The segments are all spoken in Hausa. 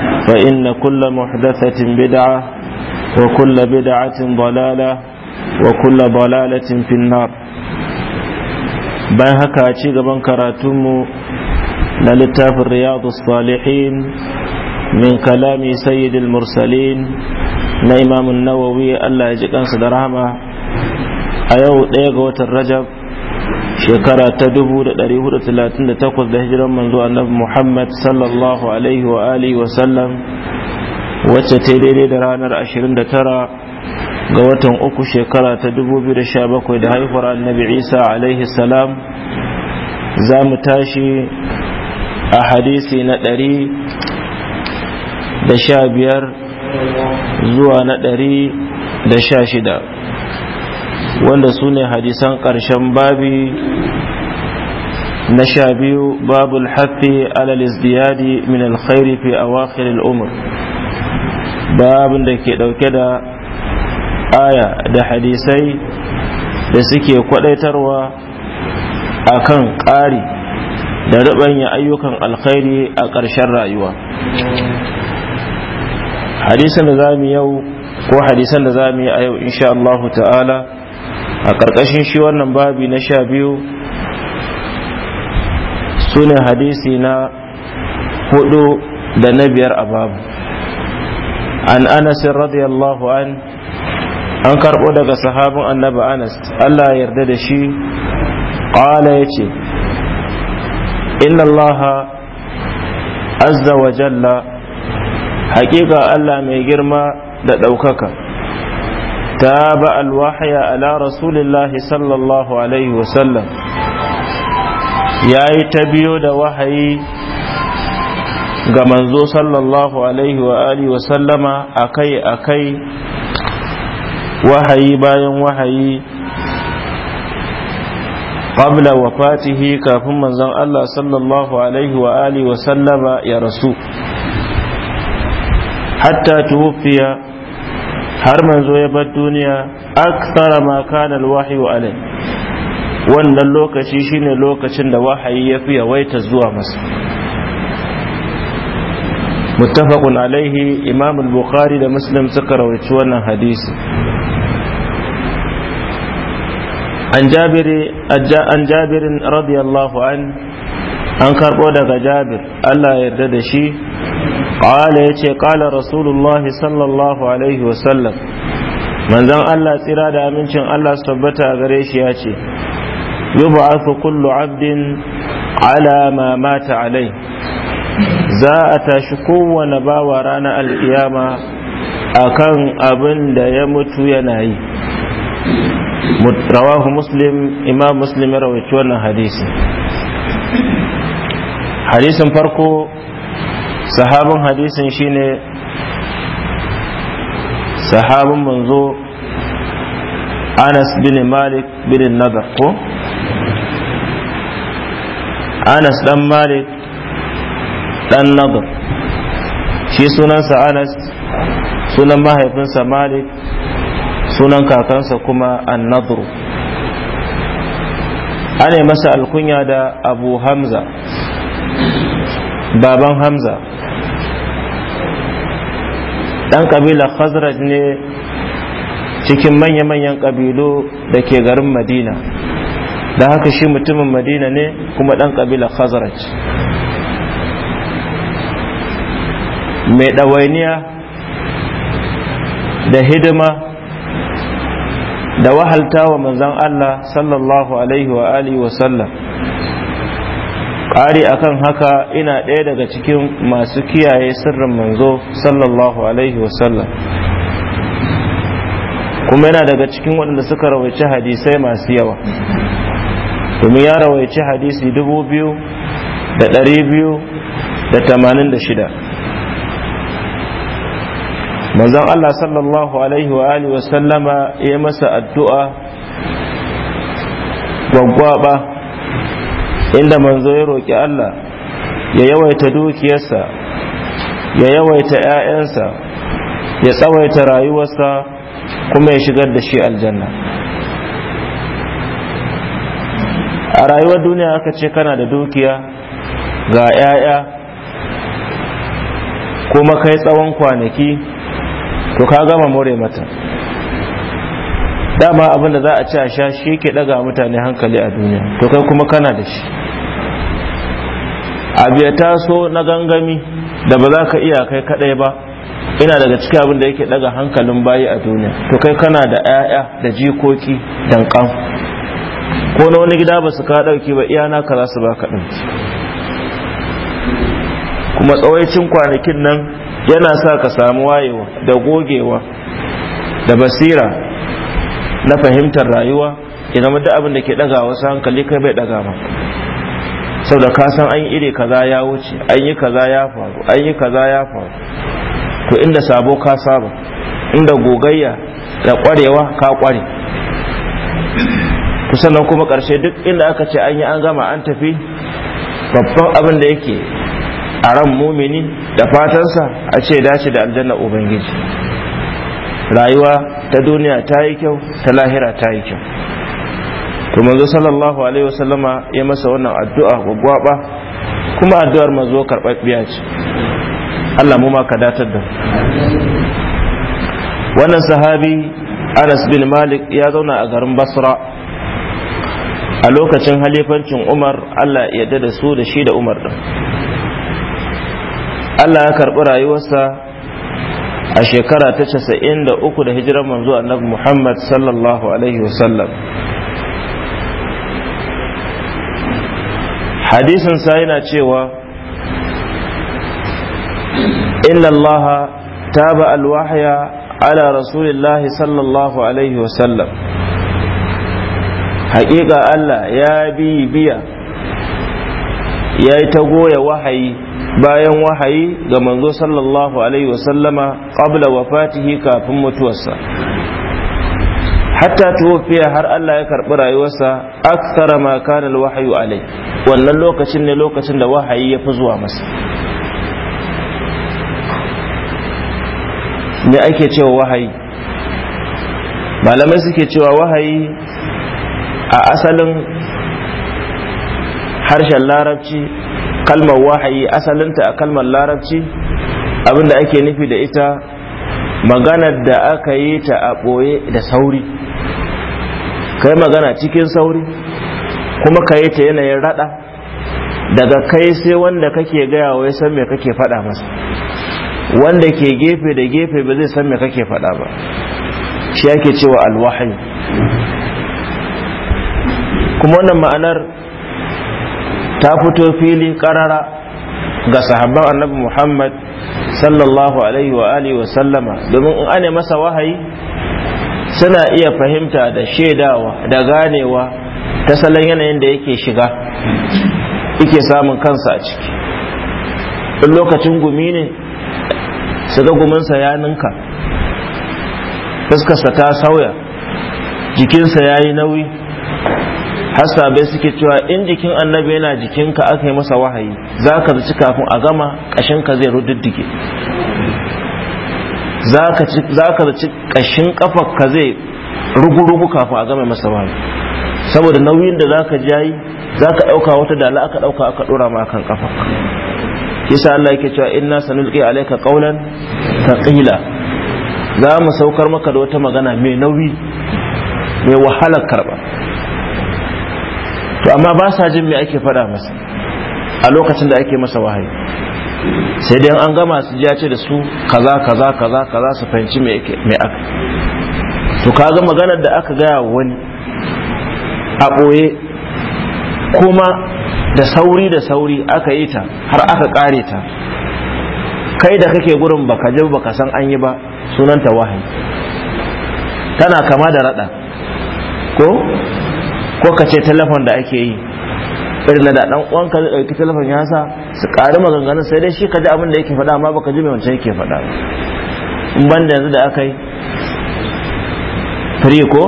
fa فإن كل محدثة بدعة وكل بدعة ضلالة وكل ضلالة في النار bayan haka ci gaban karatunmu na littafin riyadu salihin min kalami sayyidil mursalin na imamun nawawi allah ya ji kansa da rahama a yau ɗaya ga watan rajab shekara ta 438 da hijiran manzo annabi Muhammad sallallahu alaihi wa alihi wa sallam wacce ta daidai da ranar 29 ga watan uku shekara ta 2017 da haihuwar annabi Isa alaihi salam za mu tashi a hadisi na 100 da sha biyar zuwa na da sha shida. wanda su ne hadisan ƙarshen babi na sha biyu babul haffi alal izdiyadi min alkhairi fi awakhir al'umur babin da ke dauke da aya da hadisai da suke kwadaitarwa a kan ƙari da ya ayyukan alkhairi a ƙarshen rayuwa hadisan da za mu yau ko hadisan da za mu yi a yau insha Allah ta'ala a ƙarƙashin shi wannan babi na sha biyu su ne hadisi na hudu da na biyar a babu an anasin radiyallahu an an karɓo daga sahabin annaba anas allah ya yarda da shi ƙala ya ce inna allaha azza wa jalla haƙiƙa allah mai girma da ɗaukaka Ta الوحي على رسول الله صلى الله عليه وسلم يا تبيو دا وحي ga manzo sallallahu alaihi wa sallama akai akai wahayi bayan wahayi qabla fatihi kafin manzon Allah sallallahu alaihi wa sallama ya rasu hatta tuwfiya har manzo ya bar duniya aksara ma kana wa alai wannan lokaci shine lokacin da wahayi ya fi yawaita zuwa masa muttafaqun alaihi imam al-bukhari da muslim suka rawaci wannan hadisi an jabiri an jabirin radiyallahu an an karbo daga jabir Allah ya yarda da shi qala yace qala rasulullahi sallallahu alaihi wasallam manzon Allah tsira da amincin Allah su tabbata gare shi ya ce yub'athu kullu 'abdin ala ma alai za a tashi kowane bawa ranar alkiyama akan abin da ya mutu yana yi rawahu muslim imam muslim ya rawaci wannan hadisi hadisin farko sahabin hadisin shine sahabin manzo anas bin malik bin nadar ko anas dan malik dan nadar shi sunansa anas sunan mahaifinsa malik sunan kakansa kuma annadru ana masa alkunya da abu hamza baban hamza ɗan ƙabila khazraj ne cikin manya-manyan ƙabilu da ke garin madina da haka shi mutumin madina ne kuma ɗan ƙabila khazraj mai ɗawainiya da hidima da wahalta wa manzan Allah sallallahu alaihi wa alihi wa sallam ƙari a kan haka ina ɗaya daga cikin masu kiyaye sirrin manzo sallallahu alaihi wasallam kuma yana daga cikin waɗanda suka rawaici hadisai masu yawa domin ya rawaici hadisi dubu biyu da ɗari biyu da tamanin da shida manzon Allah sallallahu alaihi wa alihi wasallama ya masa addu'a gwaggwaba inda manzo ya roƙi Allah ya yawaita dukiyarsa ya yawaita 'ya'yansa ya tsawaita rayuwarsa kuma ya shigar da shi aljanna a rayuwar duniya aka ce kana da dukiya ga 'ya'ya kuma kai tsawon kwanaki to ka gama more mata dama abinda za a ci a sha shi ke daga mutane hankali a duniya to kai kuma kana da shi abu ya taso na gangami da ba za ka iya kai kadai ba ina daga cikin abin da yake daga hankalin bayi a duniya to kai kana da 'ya'ya da jikoki dankan ko na wani gida ba su ka dauki ba iya naka za su ba ka kuma tsawaicin kwanakin nan yana sa ka samu wayewa da gogewa da basira na fahimtar rayuwa idan duk abin da ke daga wasu hankali kai bai daga ba saboda ka san an yi iri kaza ya wuce an yi kaza ya faru an yi kaza ya faru to inda sabo ka saba inda gogayya da kwarewa ka kware sannan kuma karshe duk inda aka ce an yi an gama an tafi babban abin da yake a ran mumini da fatansa a ce dace da aljanna ubangiji rayuwa ta duniya ta yi kyau ta lahira ta yi kyau to manzo sallallahu alaihi wasallama ya masa wannan addu'a gwagwaba kuma addu'ar manzo karɓaɓɓiya ce Allah mu ma ka datar da wannan sahabi Anas bin Malik ya zauna a garin Basra a lokacin halifancin Umar Allah ya da su da shi da Umar din Allah ya karɓi rayuwarsa a shekara ta casa'in da uku da hijirar manzo annabi Muhammad sallallahu alaihi wasallam hadisin sa yana cewa inna ta taba alwahya ala rasulillahi sallallahu alaihi sallam haƙiƙa Allah ya bi biya ya yi ta goya wahayi bayan wahayi ga manzo sallallahu alaihi wasallama ƙabla wafatihi kafin mutuwarsa hatta tuwafiya har Allah ya karɓi rayuwarsa akthara ma kana alwahyu alai wannan lokacin ne lokacin da wahayi ya fi zuwa masa me ake cewa wahayi malamai suke cewa wahayi a asalin harshen larabci kalmar wahayi asalinta a kalmar larabci abinda ake nufi da ita maganar da aka yi ta a ɓoye da sauri kai magana cikin sauri kuma ka yi ta yanayin rada daga kai sai wanda kake gaya wa san me kake faɗa masa wanda ke gefe da gefe ba zai san me kake faɗa ba shi yake cewa alwahayi kuma wannan ma'anar ta fito fili karara ga sahabban annabi muhammad sallallahu alaihi wa alihi wa sallama domin in ane masa wahayi suna iya fahimta da shaidawa da ganewa ta salon yanayin da yake shiga yake samun kansa a ciki in lokacin gumi ne su ga guminsa ya ninka fuskarsa ta sauya jikinsa ya yi nauyi bai suke cewa in jikin annabi yana jikinka aka yi masa wahayi za ka zaci kafin a gama ƙashinka zai rududdige za ka ci kashin kafa ka zai rugu-rugu kafin a gama masa wani saboda nauyin da za ka jayi za ka ɗauka wata dala aka ɗauka aka ɗora ma kan kafa yasa Allah yake cewa inna sanulqi alayka qawlan thaqila za mu saukar maka da wata magana mai nauyi mai wahalar karba to amma ba sa jin me ake faɗa masa a lokacin da ake masa wahayi sai dai an gama su ya ce da su kaza kaza kaza kaza su fahimci mai aka to kaga maganar da aka gaya wani a ɓoye kuma da sauri da sauri aka yi ta har aka ƙare ta kai da kake gurin baka ji baka san an yi ba sunanta wahayi tana kama da rada ko ko ka ce telefon da ake yi irin da dan uwanka ya ɗauki telefon ya sa su ƙari maganganun sai dai shi ka ji abin da yake faɗa amma baka ji mai wancan yake faɗa in ban da yanzu da aka yi free ko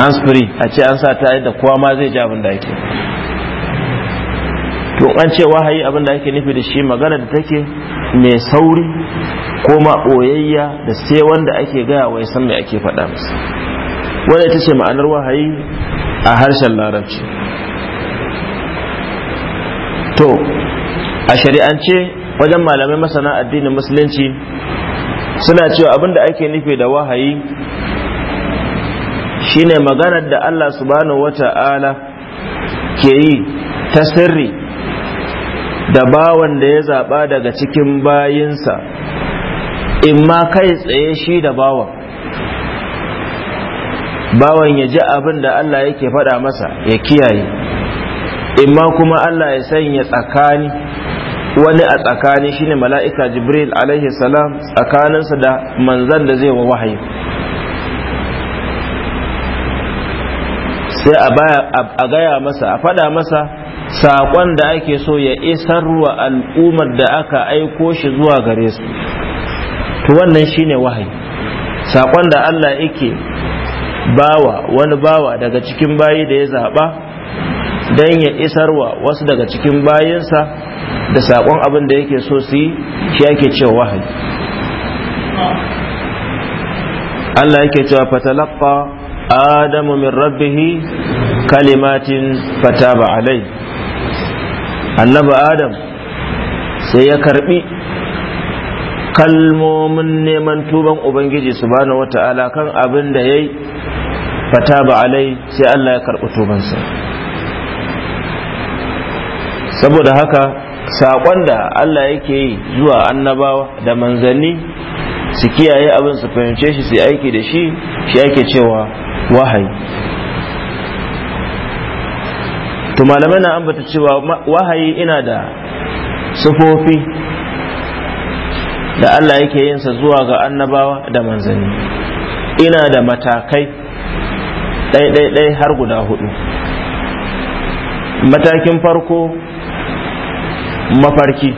hands free a ce an sa ta yadda kowa ma zai ji abin da ake to an ce wahayi abin da ake nufi da shi magana da take mai sauri ko ma ɓoyayya da sai wanda ake gaya wai san mai ake faɗa masa wanda ita ce ma'anar wahayi a harshen larabci to a shari'ance wajen malamai masana addinin musulunci suna cewa abinda ake nufi da wahayi shine maganar da Allah subhanahu wata'ala ke yi ta sirri da bawan da ya zaɓa daga cikin bayinsa in ma kai tsaye shi da bawan bawan ya ji abin da Allah yake faɗa masa ya kiyaye in ma kuma Allah ya sanya tsakani wani a tsakani shine mala'ika jibril alaihi salam tsakaninsa da manzan da zai wahayi sai a gaya masa a fada masa saƙon da ake so ya isar wa al'ummar da aka aiko shi zuwa gare su to wannan shine wahayi saƙon da allah yake bawa wani bawa daga cikin bayi da ya zaɓa Dan ya isarwa wasu daga cikin bayansa da saƙon abin da yake so su yi shi yake cewa wahayi Allah yake cewa fatalaqa adamu min rabbih kalimatin fataba alai annabi adam sai ya karbi kalmomin neman tuban ubangiji subhanahu wata'ala kan abin da yayi fataba alai sai Allah ya karbi tubansa saboda haka saƙon da Allah yake yi zuwa annabawa da manzanni su kiyaye abin su fahimce shi su aiki da shi shi ake cewa wahayi to malamai na ambata cewa wahayi ina da sufofi da Allah yake sa zuwa ga annabawa da manzanni ina da matakai ɗaiɗaiɗai har guda hudu matakin farko mafarki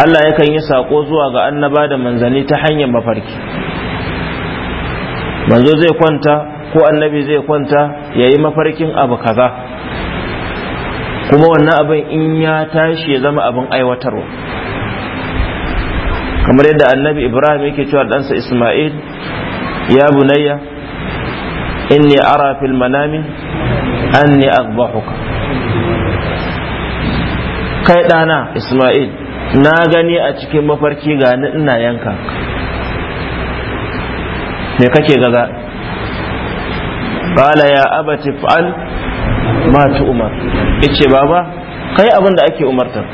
Allah yakan yi saƙo zuwa ga annaba da Manzani ta hanyar mafarki manzo zai kwanta ko annabi zai kwanta ya yi mafarkin abu kaza kuma wannan abin in ya tashi ya zama abin aiwatarwa kamar yadda annabi ibrahim yake cewa ɗansa isma'il ya bunayya inni ara fil manami anni aghbahuka kai ɗana isma'il na gani a cikin mafarki ga ni ina yanka me kake gaga Bala ya abati fa'al ma umar yace baba kai abin da ake umartar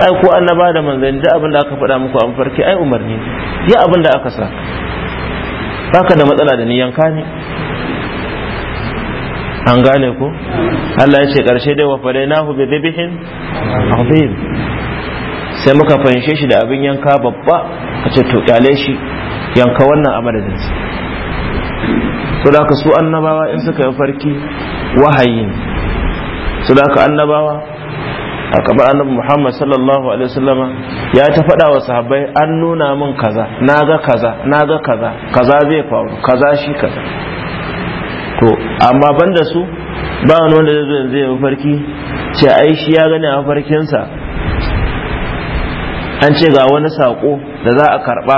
ai ko annaba da manzon da abin da aka faɗa muku an farki ai umarni ya abin da aka sa baka da matsala da ni yanka ne an gane ku Allah ya ce karshe dai wa fadainahu bi bihin? azim sai muka fanshe shi da abin yanka babba a ce to kyale shi yanka wannan a madadin su da su annabawa in suka yi farki wahayi su da annabawa a kamar annabi muhammad sallallahu alaihi wasallama ya ta faɗa wa sahabbai an nuna min kaza na ga kaza na ga kaza kaza zai faru kaza shi kaza to amma banda su ba wani wanda zai zo yanzu ya mafarki ce ai shi ya gani a mafarkinsa an ce ga wani sako da za a karba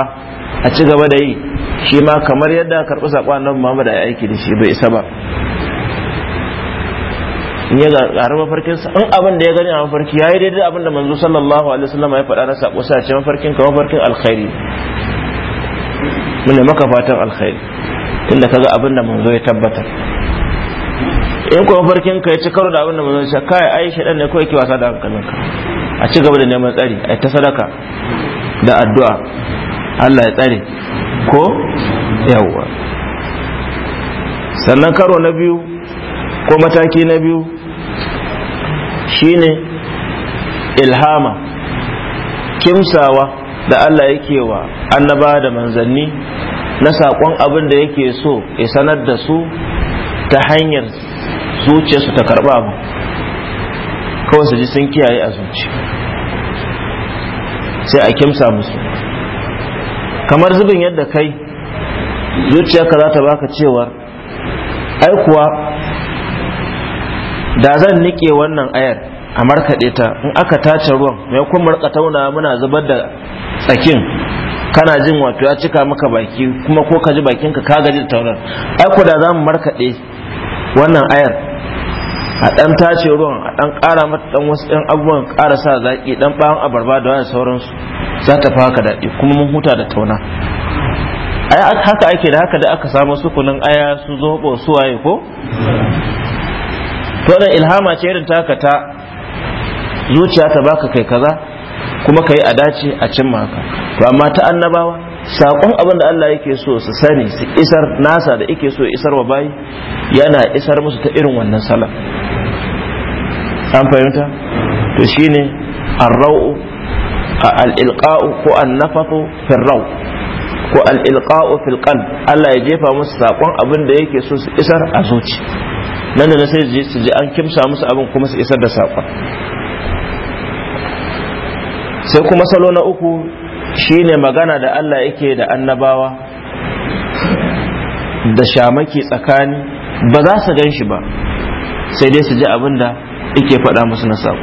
a ci gaba da yi shi ma kamar yadda a karɓi sako annabi Muhammad ya aiki da shi bai isa ba in ya gari mafarkinsa in abin da ya gani a mafarki ya yi daidai abin da manzo sallallahu alaihi wasallam ya faɗa na sako sa ce mafarkin ka mafarkin alkhairi mun maka fatan alkhairi tunda kaga abin manzo ya tabbata in kuma farkin ka ya ci karo da abin da manzo ya kai ai shedan ne kawai ke wasa da ka a ci gaba da neman tsari ai ta sadaka da addu'a Allah ya tsare ko yawwa sannan karo na biyu ko mataki na biyu shine ilhama kimsawa da Allah yake wa annaba da manzanni na saƙon abin da yake so ya sanar da su ta hanyar zuciyarsu ta karɓa ba kawai su ji sun kiyaye a zuci sai a kimsa musu kamar zubin yadda kai zuciyarka za ta baka cewar ai kuwa da zan nike wannan ayar a markaɗe ta in aka tace ruwan mai kuma marka tauna muna zubar da tsakin kana jin wato ya cika maka baki kuma ko ka ji bakinka ka gaji da tauran ai ko da zamu markade markaɗe wannan ayar a ɗan tace ruwan a ɗan ƙara mata ɗan wasu dan abubuwan ƙara sa zaki ɗan ɓawon abarba da wani sauransu za ta faka daɗi kuma mun huta da tauna ai haka ake da haka da aka samu kunan aya su zoɓo su waye ko to da ilhama ce irin taka ta zuciya ta baka kai kaza kuma ka yi a dace a cin maka, to amma ta annabawa saƙon abin da Allah yake so su sani su isar nasa da yake so isar wa bayi yana isar musu ta irin wannan sala an fahimta to shine arrau al-ilqa'u ko an-nafathu fi ko al-ilqa'u fil qalb Allah ya jefa musu saƙon abin da yake so su isar a zuci nan da sai su ji an kimsa musu abin kuma su isar da saƙon sai kuma salo na uku shine magana da Allah yake da annabawa da shamaki tsakani ba za su gan shi ba sai dai su ji abin da yake faɗa musu na saƙo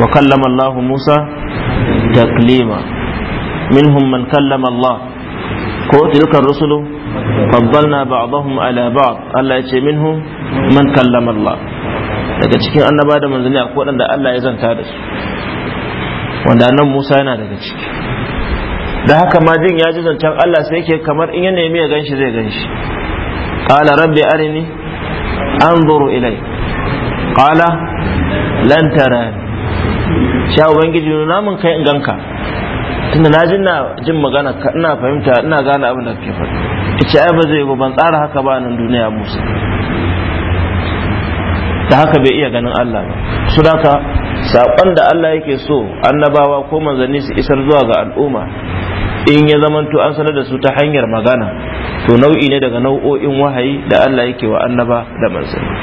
wa kallama Allah Musa taklima minhum man kallama Allah ko tilkar rusulu faddalna ba'dahum ala ba'd Allah yace minhum man kallama Allah daga cikin annaba da manzanni akwai waɗanda Allah ya zanta da su wanda nan Musa yana daga ciki da haka ma jin ya ji zancen Allah sai yake kamar in ya nemi ya ganshi zai ganshi qala rabbi arini anzuru ilai qala lan tarani sha ubangiji nuna min kai in ganka tunda na ji na jin magana ina fahimta ina gane abin da kake faɗi ita ai ba zai yi ban tsara haka ba nan duniya Musa da haka bai iya ganin Allah ba su da saƙon da Allah yake so annabawa ko manzanni su isar zuwa ga al'umma in ya zamanto an sanar da su ta hanyar magana to nau'i ne daga nau'o'in wahayi da Allah yake wa annaba da manzanni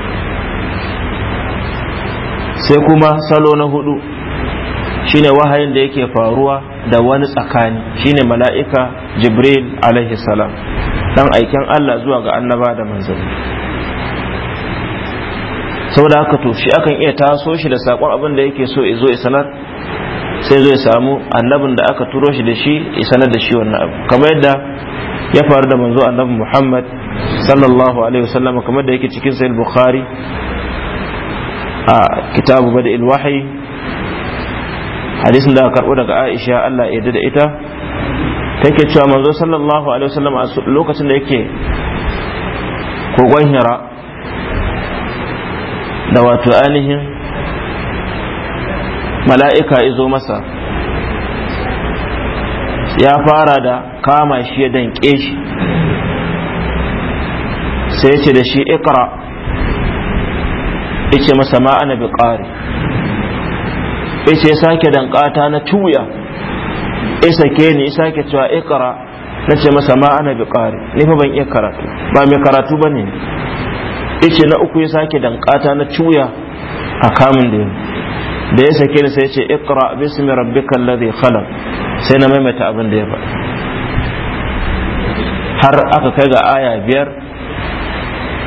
sai kuma salo na hudu shine wahayin da yake faruwa da wani tsakani shine mala'ika jibril alaihi salam dan aiken Allah zuwa ga annaba da manzanni saboda haka to shi akan iya taso shi da sakon abin da yake so zo ya sanar sai zo ya samu annabin da aka turo shi da shi ya sanar da shi wannan abu kamar yadda ya faru da manzo annabi Muhammad sallallahu alaihi wasallam kamar da yake cikin sahih Bukhari a kitabu badil wahyi hadisin da aka karbo daga Aisha Allah ya yarda da ita take cewa manzo sallallahu alaihi wasallam a lokacin da yake kogon Hira da wato ainihin mala'ika izo masa ya fara da kama shi ya danƙe shi sai ce da shi ikra ice masa ma'ana bi ƙari ice sake danƙata na tuya isa ke ni sake cewa ikra na ce masa ma'ana bi ƙari ni fa ban iya karatu ba mai karatu ba ne yace na uku ya sake dankata na cuya a kamun da da ya sake ni sai yace iqra bismi kalla zai khalaq sai na maimaita abin da ya faɗa har aka kai ga aya biyar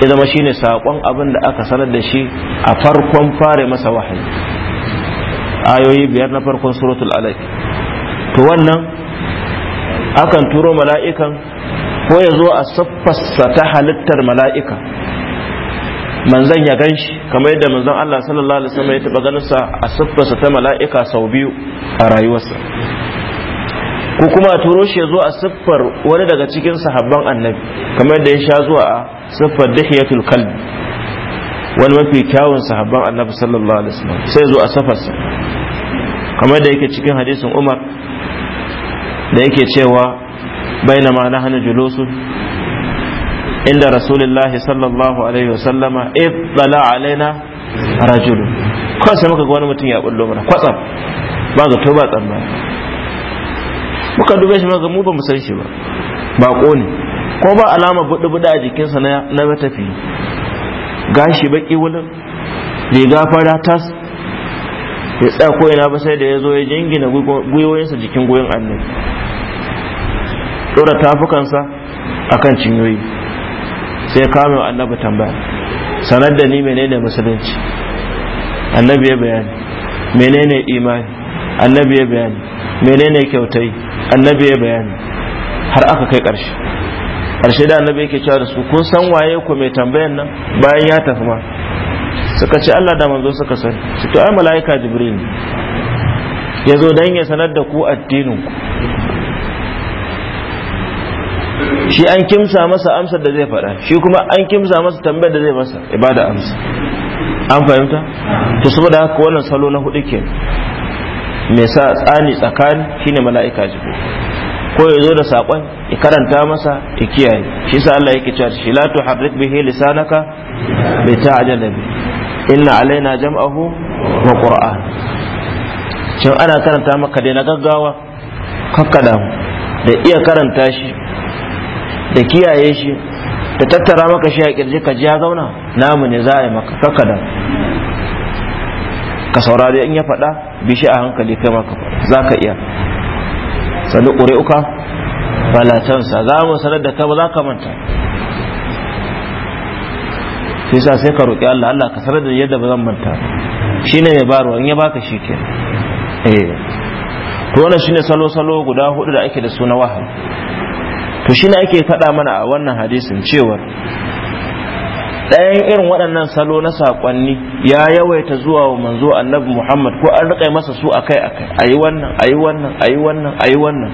ya zama shine saƙon abin da aka sanar da shi a farkon fare masa wahayi ayoyi biyar na farkon suratul alaq to wannan akan turo mala'ikan ko ya zo a saffasa ta halittar mala'ika manzan ya gan shi kamar yadda manzan Allah sallallahu alaihi wasallam ya taɓa ganinsa a siffarsa ta mala'ika sau biyu a rayuwarsa ko kuma a turo shi ya zo a siffar wani daga cikin sahabban annabi kamar yadda ya sha zuwa a siffar dihiyatul kalb wani mafi kyawun sahabban annabi sallallahu alaihi wasallam sai zo a safarsa kamar da yake cikin hadisin umar da yake cewa bainama nahnu julusun inda رسول sallallahu alaihi الله عليه alaina rajul kawai sai muka ga wani mutum ya bullo mana kwatsam ba zato ba tsammani muka dube shi muka mu ba mu san shi ba bako ne ko ba alama buɗe a jikinsa na matafi gashi baki wulin riga fara tas ya ko ina ba sai da ya zo ya jingina gwiwoyinsa jikin goyon annabi ɗora tafukansa akan cinyoyi sai kame annabi tambaya sanar da ni menene musulunci annabi ya bayani menene imani annabi ya bayani menene kyautai annabi ya bayani har aka kai ƙarshe karshe da annabi yake cewa da su kun san waye ku mai tambayan nan bayan ya tafi ma suka ce Allah da manzo suka sani su to ai mala'ika jibril ya zo dan ya sanar da ku addinin ku shi an kimsa masa amsar da zai faɗa shi kuma an kimsa masa tambayar da zai masa ibada amsa an fahimta to saboda haka wannan salo na hudu ke mai sa tsani tsakani shine mala'ika jibo ko ya zo da sakon ya karanta masa ya kiyaye shi sa Allah yake cewa shi la tuharrik bihi lisanaka bi ta'jal inna alaina jam'ahu wa qur'an shin ana karanta maka dai na gaggawa kakkada da iya karanta shi da kiyaye shi da tattara maka shi a kirji ka ji ya zauna namu ne za a yi maka da ka saurari in ya faɗa bi shi a hankali kai maka za ka iya sani uka balatansa za mu sanar da kai ba za ka manta shi sa sai ka roƙi Allah Allah ka sanar da yadda ba zan manta shi ne mai baruwa in ya baka shi ke eh to wannan shine salo salo guda hudu da ake da su na wahayi to shi ne ake faɗa mana a wannan hadisin cewar ɗayan irin waɗannan salo na saƙonni ya yawaita zuwa wa manzo annabi muhammad ko an riƙa masa su akai akai a yi wannan a yi wannan a yi wannan a yi wannan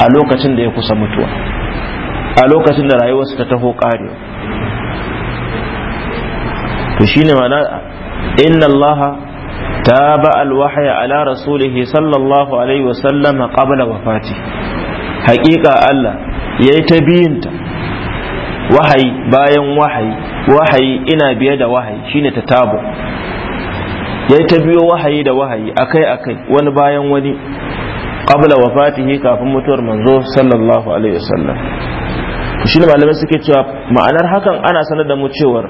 a lokacin da ya kusa mutuwa a lokacin da rayuwarsa ta taho ƙarewa to ne mana inna allaha تابع الوحي على رسوله صلى الله عليه qabla قبل وفاته حقيقة Allah. ya yi ta biyunta wahayi bayan wahayi wahayi ina biye da wahayi shine ta tabo ya yi ta biyo wahayi da wahayi akai akai wani bayan wani qabla wafatihi kafin mutuwar manzo sallallahu alaihi wasallam shi malamai suke cewa ma'anar hakan ana sanar da mu cewar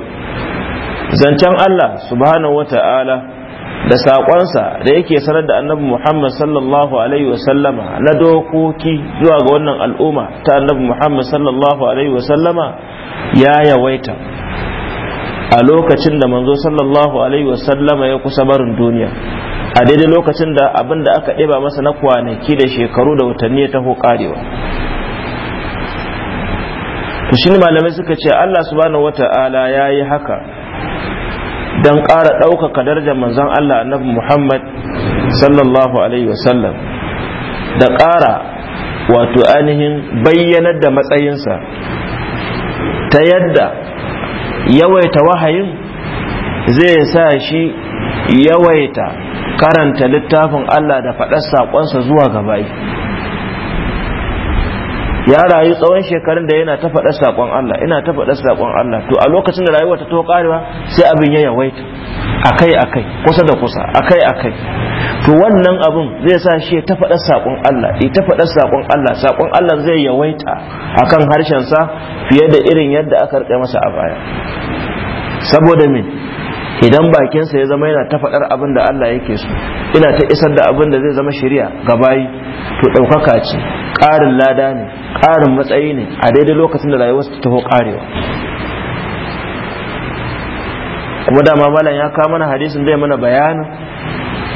zancen Allah subhanahu wa ta'ala. da saƙonsa da yake sanar da annabi Muhammad sallallahu alaihi wasallama na dokoki zuwa ga wannan al'umma ta annabi Muhammad sallallahu alaihi wasallama ya yawaita a lokacin da manzo sallallahu alaihi wasallama ya kusa barin duniya a daidai lokacin da abinda aka ɗeba masa na kwanaki da shekaru da watanni ya taho karewa to shi malamai suka ce Allah subhanahu wata'ala ya yi haka don ƙara ɗaukaka darajar manzon Allah annabi Muhammad sallallahu alaihi wasallam da ƙara wato ainihin bayyanar da matsayinsa ta yadda yawaita wahayin zai sa shi yawaita karanta littafin Allah da faɗar saƙonsa zuwa gabayi ya rayu tsawon shekarun da yana ta faɗa saƙon Allah ina ta faɗa saƙon Allah to a lokacin da rayuwa ta to karewa sai abin ya yawaita akai akai kusa da kusa akai akai to wannan abin zai sa shi ta faɗa saƙon Allah i ta faɗa saƙon Allah saƙon Allah zai yawaita akan harshen sa fiye da irin yadda aka rike masa a baya saboda me idan bakinsa ya zama yana ta faɗar abin da Allah yake so ina ta isar da abin da zai zama shari'a ga bayi to ɗaukaka ce ƙarin lada ne ƙarin matsayi ne a daidai lokacin da rayuwarsa ta taho ƙarewa kuma dama malam ya kawo mana hadisin zai mana bayanin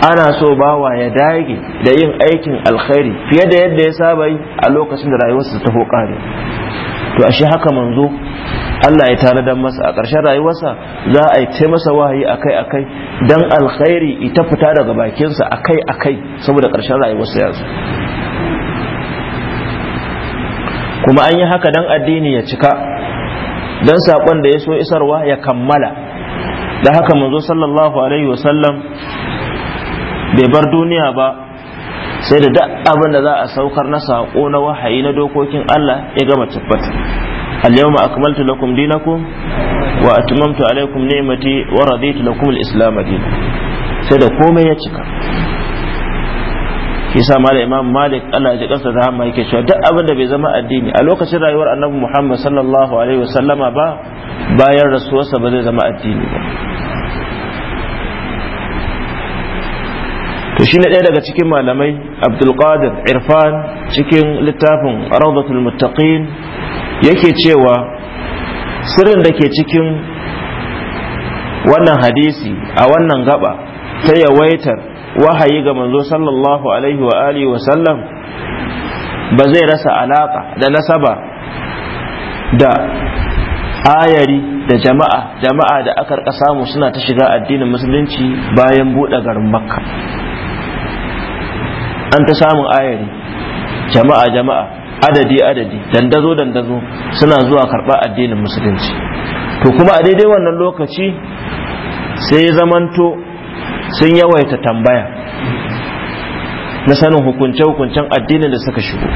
ana so bawa ya dage da yin aikin alkhairi fiye da yadda ya saba yi a lokacin da rayuwarsa ta taho ƙarewa to ashe haka manzo Allah ya tare dan masa a ƙarshen rayuwarsa za a yi ta masa wahayi akai akai dan alkhairi ita fita daga bakinsa akai akai saboda ƙarshen rayuwarsa yanzu kuma an yi haka dan addini ya cika dan saƙon da ya so isarwa ya kammala da haka manzo sallallahu alaihi wasallam bai bar duniya ba sai da duk abin da za a saukar na sako na wahayi na dokokin Allah ya gama tabbata al-yawma akmaltu lakum dinakum wa atmamtu alaykum ni'mati wa raditu lakum al-islam dinan sai da komai ya cika yasa da imam malik Allah ya kasa da hamma yake cewa duk abin da bai zama addini a lokacin rayuwar annabi muhammad sallallahu alaihi wasallama ba bayan rasuwarsa ba zai zama addini ba to shine ɗaya daga cikin malamai abdulkadir irfan cikin littafin rawdatul muttaqin yake cewa sirrin da ke cikin wannan hadisi a wannan gaba ta yawaitar wahayi ga manzo sallallahu alaihi wa alihi wa sallam ba zai rasa alaka da nasaba da ayari da jama'a jama'a da aka samu suna ta shiga addinin musulunci bayan buɗe garin makka an ta samun ayari jama'a jama'a adadi adadi dandazo dandazo suna zuwa karɓar addinin musulunci to kuma a daidai wannan lokaci sai zamanto sun yawaita tambaya na sanin hukunce-hukuncen addinin da suka shigo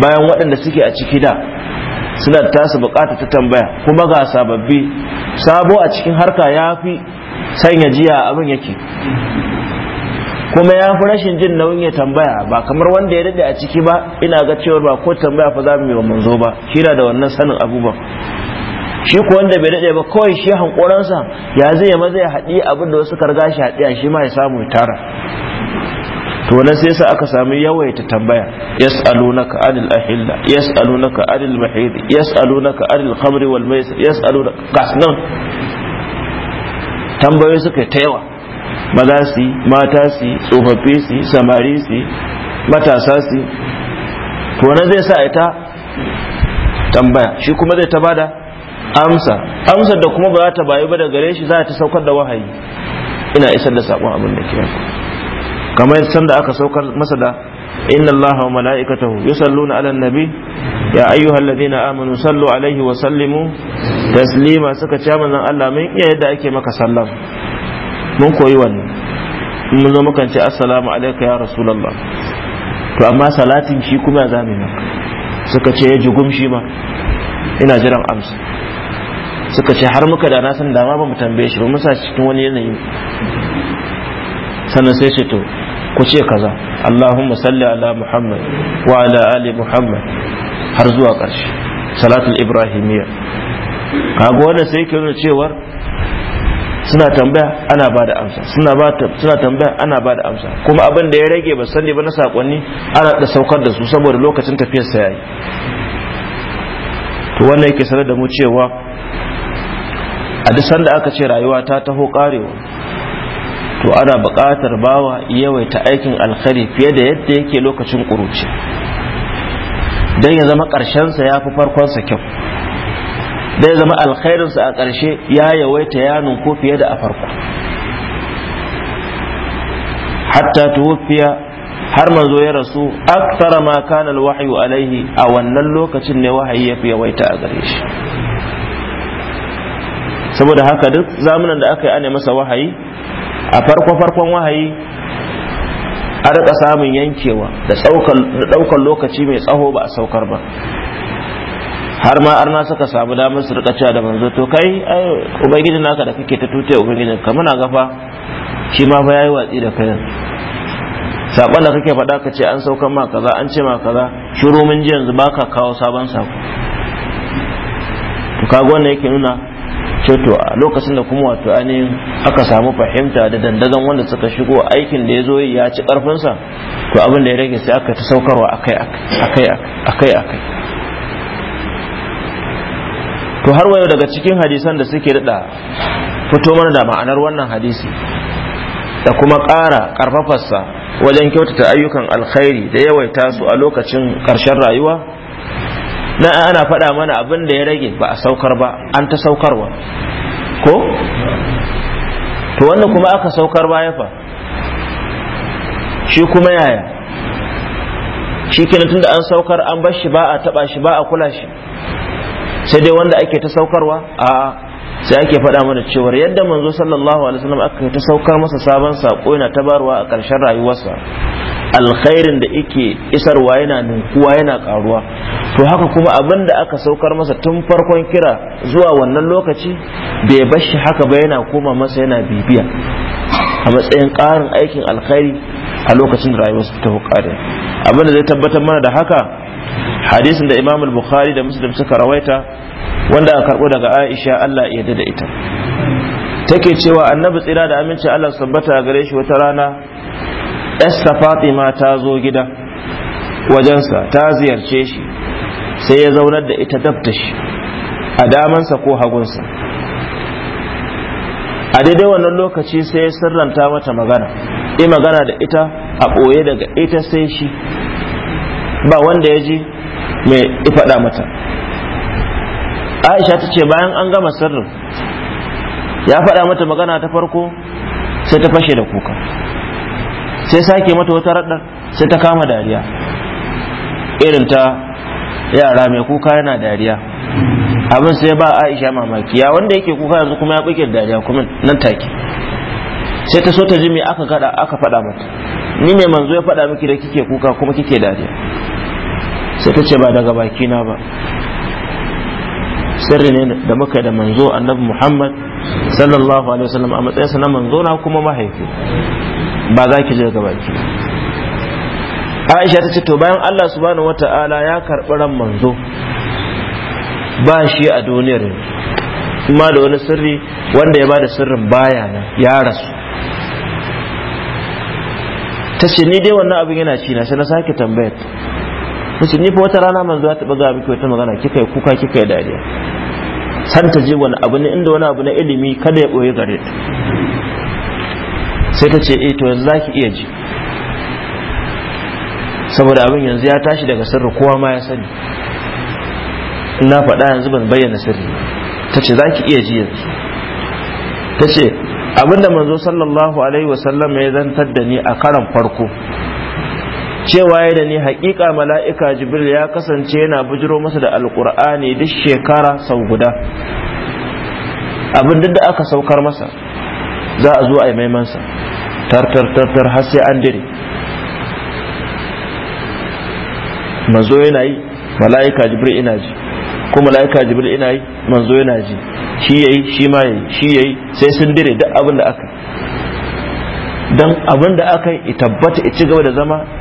bayan waɗanda suke a ciki da suna da tasu bukata ta tambaya kuma ga sababbi sabo a cikin harka ya fi sanya jiya abin yake kuma ya fi rashin jin nauyin ya tambaya ba kamar wanda ya daɗe a ciki ba ina ga cewa ba ko tambaya fa za mu yi wa manzo ba shi da wannan sanin abubuwan shi ko wanda bai daɗe ba kawai shi hankoransa ya zai maza ya haɗi abin da wasu karga shi haɗi shi ma ya samu ya tara to nan sai sa aka samu yawaita tambaya yas'alunaka anil ahilla yas'alunaka anil mahid yas'alunaka anil khamri wal maisir yas'alunaka kasnan tambayoyi suka yi ta yawa maza su mata su tsofaffi su samari su matasa su to wannan zai sa ita tambaya shi kuma zai ta bada amsa amsar da kuma ba za ta bayu ba da gare shi za ta saukar da wahayi ina isar da sakon abin da kira kamar san da aka saukar masa da inna allaha wa mala'ikatahu yusalluna ala nabi ya ayyuhal ladina amanu sallu alaihi wa sallimu taslima suka ce manzon Allah mun iya yadda ake maka sallama mun koyi wannan mun zo mukan ce assalamu alaika ya rasulullah to amma salatin shi kuma za mu maka suka ce ya jugum shi ma ina jiran amsa suka ce har muka da na san dama ba mu tambaye shi ba mun sa cikin wani yanayi sannan sai ce to ku ce kaza Allahumma salli ala Muhammad wa ala ali Muhammad har zuwa ƙarshe salatul ibrahimiyya kaga wannan sai ke cewar suna tambaya ana ba da amsa suna ba suna tambaya ana ba da amsa kuma abin da ya rage ba sani ba na sakonni ana da saukar da su saboda lokacin tafiyar sa yayi to wannan yake sanar da mu cewa a duk sanda aka ce rayuwa ta taho karewa to ana buƙatar bawa yawaita aikin alkhairi fiye da yadda yake lokacin kuruci dan ya zama sa yafi fi sa kyau zai ya zama alkhairinsa a ƙarshe ya yawaita ya ko fiye da a farko hatta tuwfiya har manzo ya rasu aksara ma kana alwahyu alaihi a wannan lokacin ne wahayi ya fi yawaita a gare shi saboda haka duk zamanin da aka yi ana masa wahayi a farko farkon wahayi a rika samun yankewa da ɗaukar lokaci mai tsaho ba a saukar ba har ma na suka samu damar su rika cewa da manzo to kai ai ubangijin naka da kake ta tuta ubangijin ka muna gafa shi ma fa yayi watsi da kai sabon da kake faɗa kace an sauka ma kaza an ce ma kaza shiru mun ji yanzu baka kawo sabon sako to kago wannan yake nuna ce to a lokacin da kuma wato ani aka samu fahimta da dandazon wanda suka shigo aikin da ya zo ya ci karfinsa to abin da ya rage sai aka ta saukarwa akai akai akai akai to har wayo daga cikin hadisan da suke daɗa fito mana da ma'anar wannan hadisi da kuma ƙara ƙarfafarsa wajen kyautata ayyukan alkhairi da yawaita su a lokacin ƙarshen rayuwa na ana faɗa mana abin da ya rage ba a saukar ba an ta saukarwa ko to wanda kuma aka saukar baya fa shi kuma yaya shi kenan tunda an saukar an bar shi ba a taɓa shi ba a kula shi sai dai wanda ake ta saukarwa a sai ake faɗa mana cewar yadda manzo sallallahu alaihi wasallam aka ta saukar masa sabon sako yana ta barwa a ƙarshen rayuwarsa alkhairin da yake isarwa yana ninkuwa yana karuwa to haka kuma abin da aka saukar masa tun farkon kira zuwa wannan lokaci bai bashi haka ba yana koma masa yana bibiya a matsayin ƙarin aikin alkhairi a lokacin da rayuwarsa ta hukari abin da zai tabbatar mana da haka hadisin da imam bukhari da muslim suka rawaita wanda aka karbo daga aisha allah ya da ita take cewa annabi tsira da aminci allah sabbata gare shi wata rana Esta Fatima ta zo gida wajensa ta ziyarce shi sai ya zaunar da ita dab da shi a damansa ko hagunsa a daidai wannan lokaci sai ya sirranta mata magana magana da ita a ɓoye daga ita sai shi ba wanda ya ji mai faɗa mata aisha ta ce bayan an gama sirrin ya faɗa mata magana ta farko sai ta fashe da kuka sai sake mata wata raɗar sai ta kama dariya irin ta yara mai kuka yana dariya abin sai ba aisha mamaki ya wanda yake kuka yanzu kuma ya ɓike dariya kuma nan take sai ta so ta ji me aka faɗa mata ni mai manzo ya faɗa miki da kike kuka kuma kike dariya sai ta ce ba daga bakina ba sirri ne da muka da manzo annabi muhammad sallallahu alaihi wasallam a matsayinsa na manzo na kuma mahaifi ba za ki je daga baki aisha ta ce to bayan allah subhanahu wata'ala ya karɓi ran manzo ba shi a duniyar kuma da wani sirri wanda ya ba da sirrin baya na ya rasu ta ce ni dai wannan abin yana ci na sai na sake tambayar musu ni fa wata rana manzo ya taba ga miki wata magana kika yi kuka kika yi dariya san ta je wani abu ne inda wani abu na ilimi kada ya boye gare ta sai ta ce eh to yanzu zaki iya ji saboda abin yanzu ya tashi daga sirri kowa ma ya sani na faɗa yanzu ban bayyana sirri ta ce za ki iya ji yanzu ta ce abinda manzo sallallahu alaihi wasallam ya zantar da ni a karan farko cewa ya da ni hakika mala'ika jibril ya kasance yana bujiro masa da alkur'ani duk shekara sau guda abin duk da aka saukar masa za a zo a yi maimansa tartar tartar har sai an dire manzo yana yi mala'ika jibril ina ji ko mala'ika jibril ina yi manzo yana ji shi yayi shi ma yayi shi yayi sai sun dire duk abin da aka dan abin da aka yi tabbata ci gaba da zama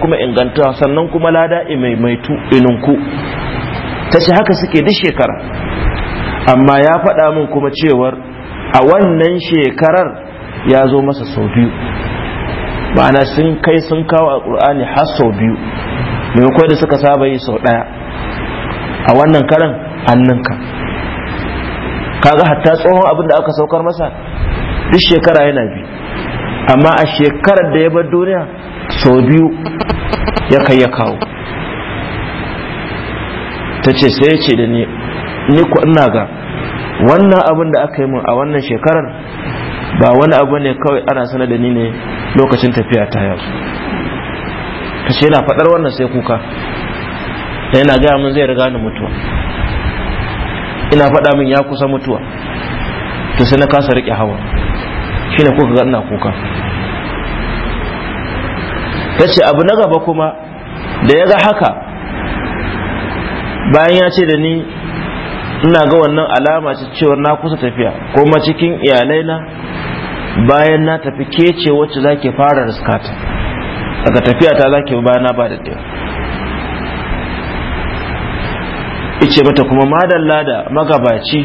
kuma inganta sannan kuma lada maimaitu ininku ta ce haka suke duk shekara amma ya faɗa min kuma cewar a wannan shekarar ya zo masa sau biyu ma'ana sun kai sun kawo a ƙur'ani har sau biyu maimakon da suka saba yi sau ɗaya a wannan karan annanka kaga hatta tsohon abin da aka saukar masa duk shekara yana bi amma a shekarar da ya bar duniya so biyu ya kai ya kawo ta ce sai ya ce da ni ni ku ina ga wannan abin da aka yi min a wannan shekarar ba wani abu ne kawai ana sanar da ni ne lokacin tafiya ta yau ta ce yana faɗar wannan sai kuka da yana gaya min zai riga ni mutuwa ina faɗa min ya kusa mutuwa to sai na kasa riƙe hawa Shi ne kuka ga ina kuka ta ce abu na gaba kuma da ya ga haka bayan ya ce da ni ina ga wannan alama ce cewar na kusa tafiya kuma cikin iyalaina bayan na tafi kece ce wacce za ke fara riskata daga tafiya ta za ke bayana ba da ɗaya ice mata kuma madalla da magabaci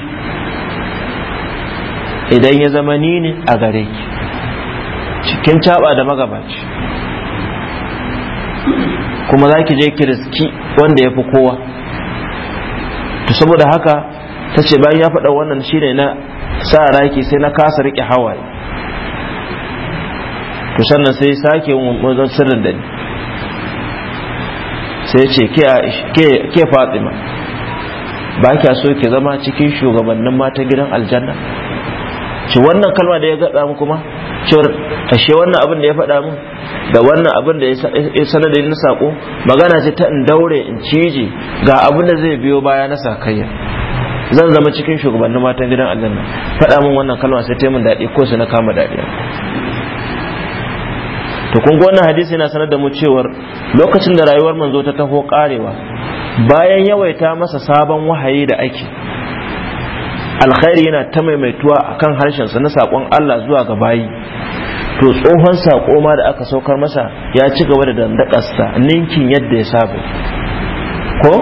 idan ya zama ni ne a gare ki cikin caba da magabaci kuma za ki je ki riski wanda ya fi kowa to saboda haka ta ce bayan ya faɗa wannan shine na sa raki sai na kasa riƙe hawaye to sannan sai sake wanzan sirrin da ni sai ce ke fatima ba kya so ki zama cikin shugabannin mata gidan aljanna ce wannan kalma da ya gaɗa mu kuma cewar ashe wannan abin da ya faɗa mu da wannan abin da ya sanar da na sako magana ce ta in daure in cije ga abin da zai biyo baya na sakayya zan zama cikin shugabannin matan gidan nan, faɗa min wannan kalma sai ta mun daɗi ko su na kama daɗi to kun ga wannan hadisi yana sanar da mu cewar lokacin da rayuwar manzo ta taho karewa bayan yawaita masa sabon wahayi da ake alkhairi yana ta maimaituwa kan harshen sa na sakon Allah zuwa ga bayi to tsohon sako ma da aka saukar masa ya ci gaba da dandakarsa ninkin yadda ya saba ko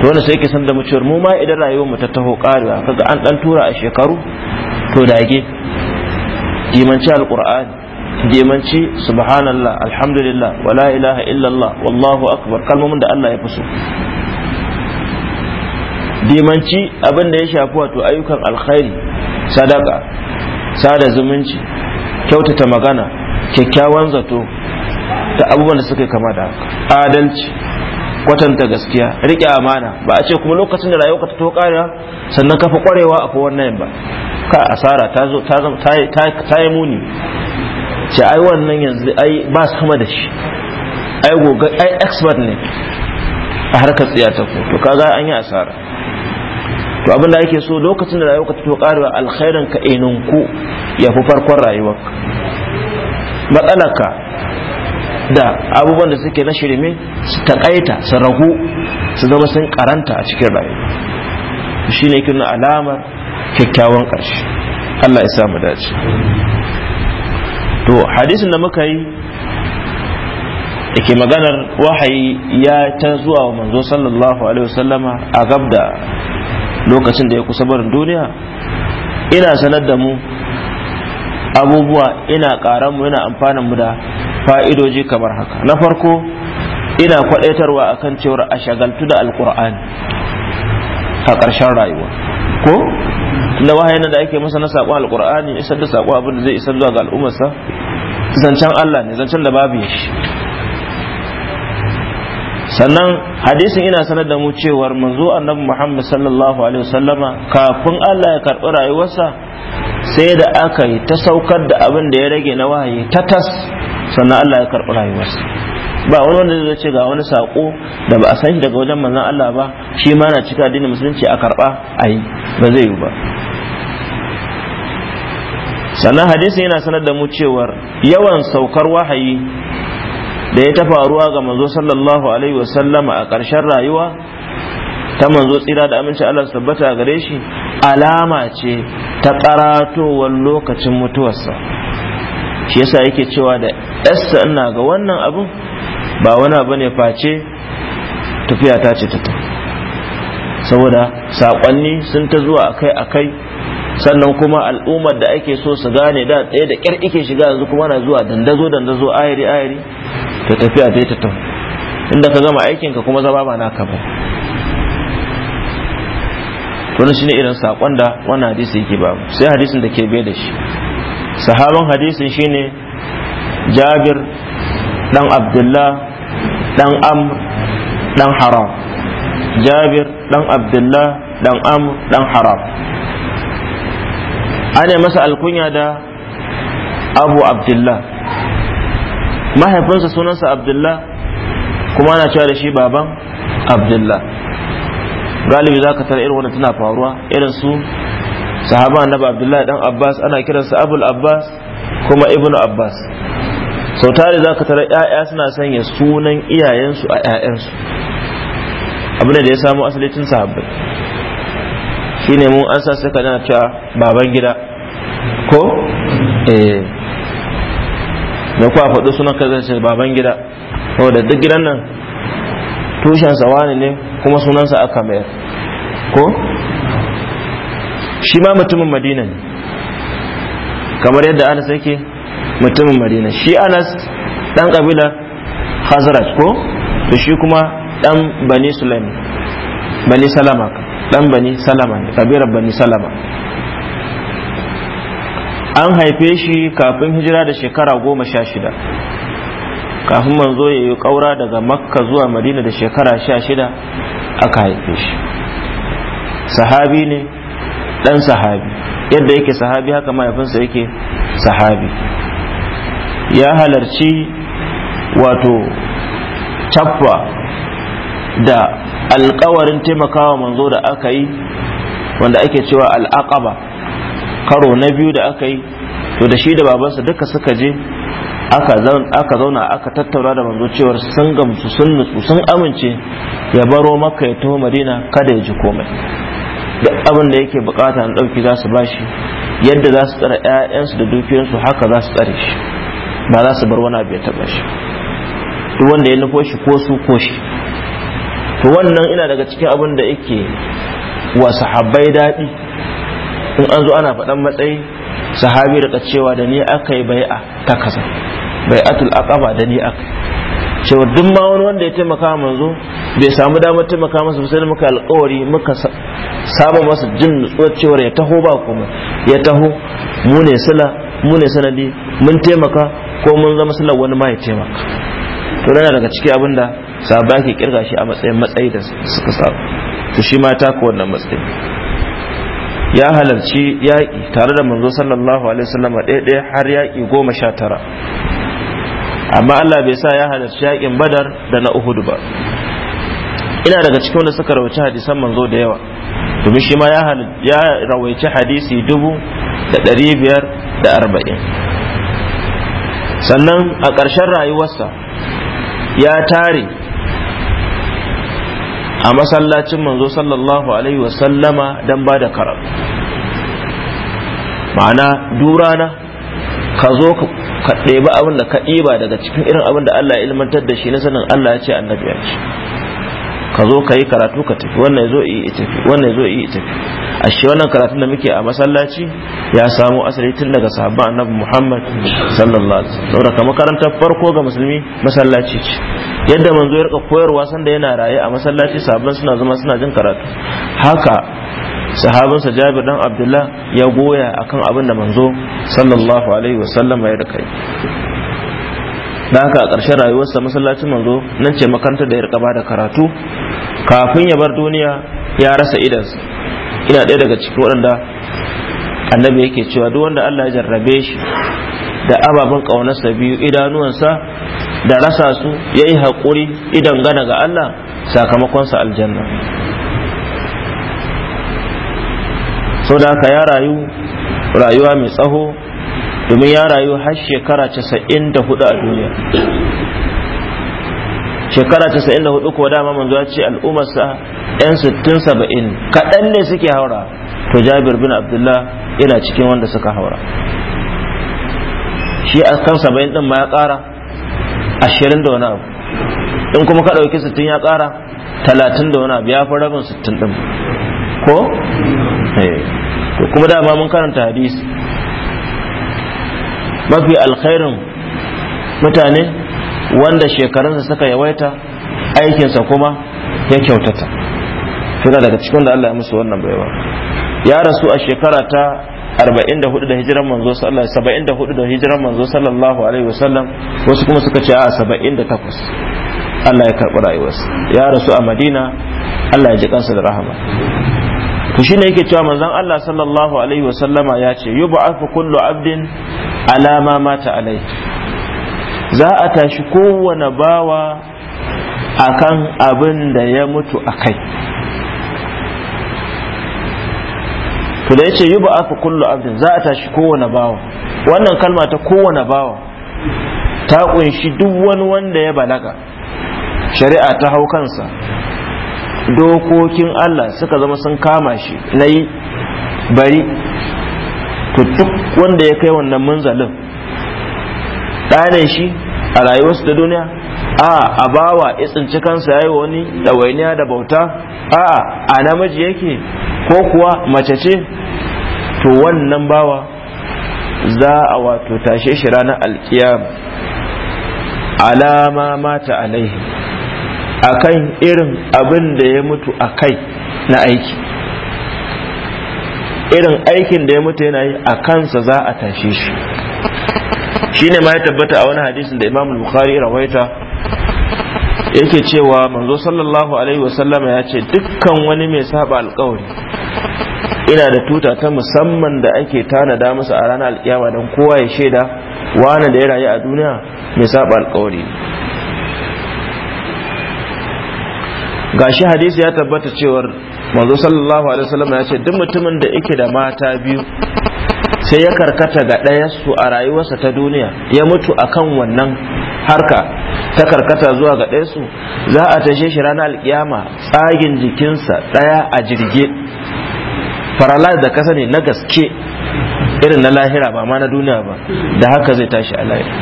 to wanda sai ke san da mutuwar mu ma idan rayuwar mu ta taho karewa kaga an ɗan tura a shekaru to dage jimanci alqur'ani dimanci subhanallah alhamdulillah wala ilaha illallah wallahu akbar kalmomin da Allah ya fi so dimanci abin da ya shafi wato ayyukan alkhairi sadaka sada zumunci kyautata magana kyakkyawan zato da abubuwan da suka kama da adalci kwatanta gaskiya riƙe amana ba a ce kuma lokacin da rayuwa ta to ƙara sannan kafa ƙwarewa a wannan ba ka asara ta zo ta yi muni ce ai wannan yanzu ai ba sama da shi ai goga ai expert ne a harkar tsiya ta to kaga an yi asara to abin da ake so lokacin da rayuwa ta to karewa alkhairan ka ku ya fi farkon rayuwarka matsalaka da abubuwan da suke na shirme su takaita su ragu su zama sun karanta a cikin rayuwa shi ne kin alamar kyakkyawan karshe Allah ya samu dace to hadisin da muka yi da ke maganar wahayi ya ta zuwa wa manzo sallallahu alaihi wasallama a gabda. lokacin da ya kusa barin duniya ina sanar da mu abubuwa ina ƙaran mu ina amfanin mu da fa'idoji kamar haka na farko ina kwadaitarwa akan cewar a shagaltu da alkur'ani a ƙarshen rayuwa ko da wahayin da ake masa na saƙon alkur'ani isar da saƙon abin da zai isar zuwa ga al'ummarsa zancen Allah ne zancen da babu shi sannan hadisin ina sanar da mu cewar manzo annabi Muhammad sallallahu alaihi wasallama kafin Allah ya karɓi rayuwarsa sai da aka yi ta saukar da abin da ya rage na wahayi ta tas sannan Allah ya karɓi rayuwarsa ba wani wanda zai ce ga wani sako da ba a san shi daga wajen manzon Allah ba shi ma na cika addinin musulunci a karɓa a yi ba zai yi ba sannan hadisin yana sanar da mu cewar yawan saukar wahayi da ya ta faruwa ga manzo sallallahu alaihi wasallam a ƙarshen rayuwa ta manzo tsira da aminci Allah tabbata gare shi alama ce ta karatowar lokacin mutuwarsa shi yasa yake cewa da yassa ina ga wannan abin ba wani abu ne face tafiya ta ce ta saboda saƙonni sun ta zuwa akai akai sannan kuma al'ummar da ake so su gane da ɗaya da ƙyar ike shiga yanzu kuma na zuwa dandazo dandazo ayari ayari ta tafiya ta ta tafi inda ka gama aikin ka kuma zama ba naka ba shi ne irin saƙon da wannan hadisi yake ba sai hadisin da ke bai da shi sahaban hadisin shine jabir dan abdullah dan amr dan haram jabir dan abdullah dan amr dan haram ana masa alkunya da abu abdullah mahaifinsa sunansa abdullah kuma ana cewa da shi baban abdullah galibi za ka tara irin wanda tana faruwa irin su sahaba annabi abdullah dan abbas ana kiransa abul abbas kuma ibnu abbas sau tare za ka tara 'ya'ya suna sanya sunan iyayensu a 'ya'yansu ne da ya samo asali tun sahabbai shine mun an sa suka na cewa baban gida ko eh da kuwa faɗi suna shi baban gida da duk gidan nan tushensa wani ne kuma sunansa aka mayar ko shi ma mutumin madina ne kamar yadda anas yake mutumin madina shi anas dan kabilar hazrat ko to shi kuma dan bani sulaim bani salama dan bani salama ne kabirar bani salama an haife shi kafin hijira da shekara goma sha shida kafin manzo ya yi ƙaura daga makka zuwa madina da shekara sha shida aka haife shi sahabi ne dan sahabi yadda yake sahabi haka mahaifinsa yake sahabi ya halarci wato caffa da alkawarin taimakawa manzo da aka yi wanda ake cewa al'aqaba karo na biyu da aka yi to da shi da babansa duka suka je aka zauna aka tattauna da manzo cewar sun gamsu sun nutsu sun amince ya baro maka ya taho madina kada ya ji komai duk abin da yake bukata na ɗauki za su bashi yadda za su tsara 'ya'yansu da dukiyarsu haka za su tsare shi ba za su bar wani abu ya taɓa shi duk wanda ya nufo shi ko su ko shi to wannan ina daga cikin abin da yake wa sahabbai daɗi in an zo ana faɗan matsayi sahabi daga cewa da ni aka yi bai'a ta kaza bai'atul aqaba da ni aka cewa duk ma wani wanda ya taimaka manzo bai samu damar taimaka masa sai da muka alƙawari muka saba masa jin nutsuwar cewa ya taho ba kuma ya taho mu ne sala mu ne sanadi mun taimaka ko mun zama sala wani ma ya taimaka to yana daga ciki abin da ba ake kirga shi a matsayin matsayi da suka samu to shi ma ta ku wannan matsayi ya halarci yaƙi tare da manzo sallallahu alaihi wasallam ɗaya har yaƙi goma sha tara amma Allah bai sa ya halarci yaƙin badar da na uhud ba ina daga cikin wanda suka rawaci hadisan manzo da yawa domin shi ma ya rawaici hadisi dubu da ɗari biyar da arba'in sannan a ƙarshen rayuwarsa ya tare a masallacin manzo sallallahu alaihi wasallama don ba da karatu ma'ana durana ka zo ka ɗebi abin da ka ɗiba daga cikin irin abin da Allah ya ilmantar da shi na sanin Allah ya ce annabi ya ce ka zo ka yi karatu ka tafi wannan ya zo yi tafi wannan ya zo yi tafi a shi wannan karatun da muke a masallaci ya samo asali tun daga sahabban annabi Muhammad sallallahu alaihi wasallam saboda makarantar farko ga musulmi masallaci ce yadda manzo ya rika koyarwa sanda yana raye a masallaci sahabban suna zama suna jin karatu haka sahabinsa Jabir dan Abdullah ya goya akan abin da manzo sallallahu alaihi wasallam ya rika yi da haka a ƙarshen rayuwarsa masallacin manzo nan ce makarantar da ya rika da karatu kafin ya bar duniya ya rasa idansa ina ɗaya daga cikin waɗanda annabi yake cewa duk wanda Allah ya jarrabe shi da ababen ƙaunarsa biyu idanuwansa da rasa su ya yi haƙuri idan gana ga Allah sakamakonsa aljanna so da haka ya rayu rayuwa mai tsaho domin ya rayu har shekara casa'in da hudu a duniya shekara casa'in da hudu kuwa dama manzo ce al'ummarsa yan sittin saba'in kaɗan ne suke haura to jabir bin abdullah yana cikin wanda suka haura shi a kan saba'in din ma ya ƙara ashirin da wani abu in kuma ka ɗauki sittin ya ƙara talatin da wani abu ya fi rabin sittin din ko eh. kuma dama mun karanta hadisi mafi alkhairin mutane wanda shekarunsa suka yawaita aikinsa kuma ya kyautata suna daga cikin da Allah ya musu wannan baiwa ya rasu a shekara ta 44 da hijiran manzo sallallahu 74 da hijiran manzo sallallahu alaihi wasallam wasu kuma suka ce a 78 Allah ya karɓi rayuwarsa ya rasu a Madina Allah ya ji kansa da rahama to shine yake cewa manzon Allah sallallahu alaihi wasallama ya ce yub'athu kullu abdin alama mata alai za a tashi kowane bawa akan abin da ya mutu a kai to da ya ce yi ba aka kullu abin za a tashi kowane bawa wannan kalma ta kowane bawa ta kunshi duk wani wanda ya balaga shari'a ta hau kansa dokokin Allah suka zama sun kama shi na yi bari to duk wanda ya kai wannan manzalin ɗane shi a rayuwarsa ta duniya a a bawa ya kansa yayi wani ɗawainiya da bauta a a namiji yake ko kuwa mace ce to wannan bawa za a wato tashe shi ranar alkiyama alama mata alaihi akan irin abin da ya mutu a kai na aiki irin aikin da ya mutu yana yi a kansa za a tashe shi Shi ne ma ya tabbata a wani hadisin da Imam Bukhari rawaita yake cewa manzo sallallahu alaihi wasallama ya ce dukkan wani mai saba alkawari ina da tuta ta musamman da ake tanada masa a ranar alkiyama don kowa ya shaida wani da ya rayu a duniya mai saba alkawari gashi hadisi ya tabbata cewar manzo sallallahu alaihi wasallam ya ce duk mutumin da yake da mata biyu sai ya karkata ga ɗaya su a rayuwarsa ta duniya ya mutu akan wannan harka ta karkata zuwa ga ɗaya su za a tashe shi ranar alkiyama tsagin jikinsa ɗaya a jirge farala da kasa ne na gaske irin na lahira ba ma na duniya ba da haka zai tashi a lahira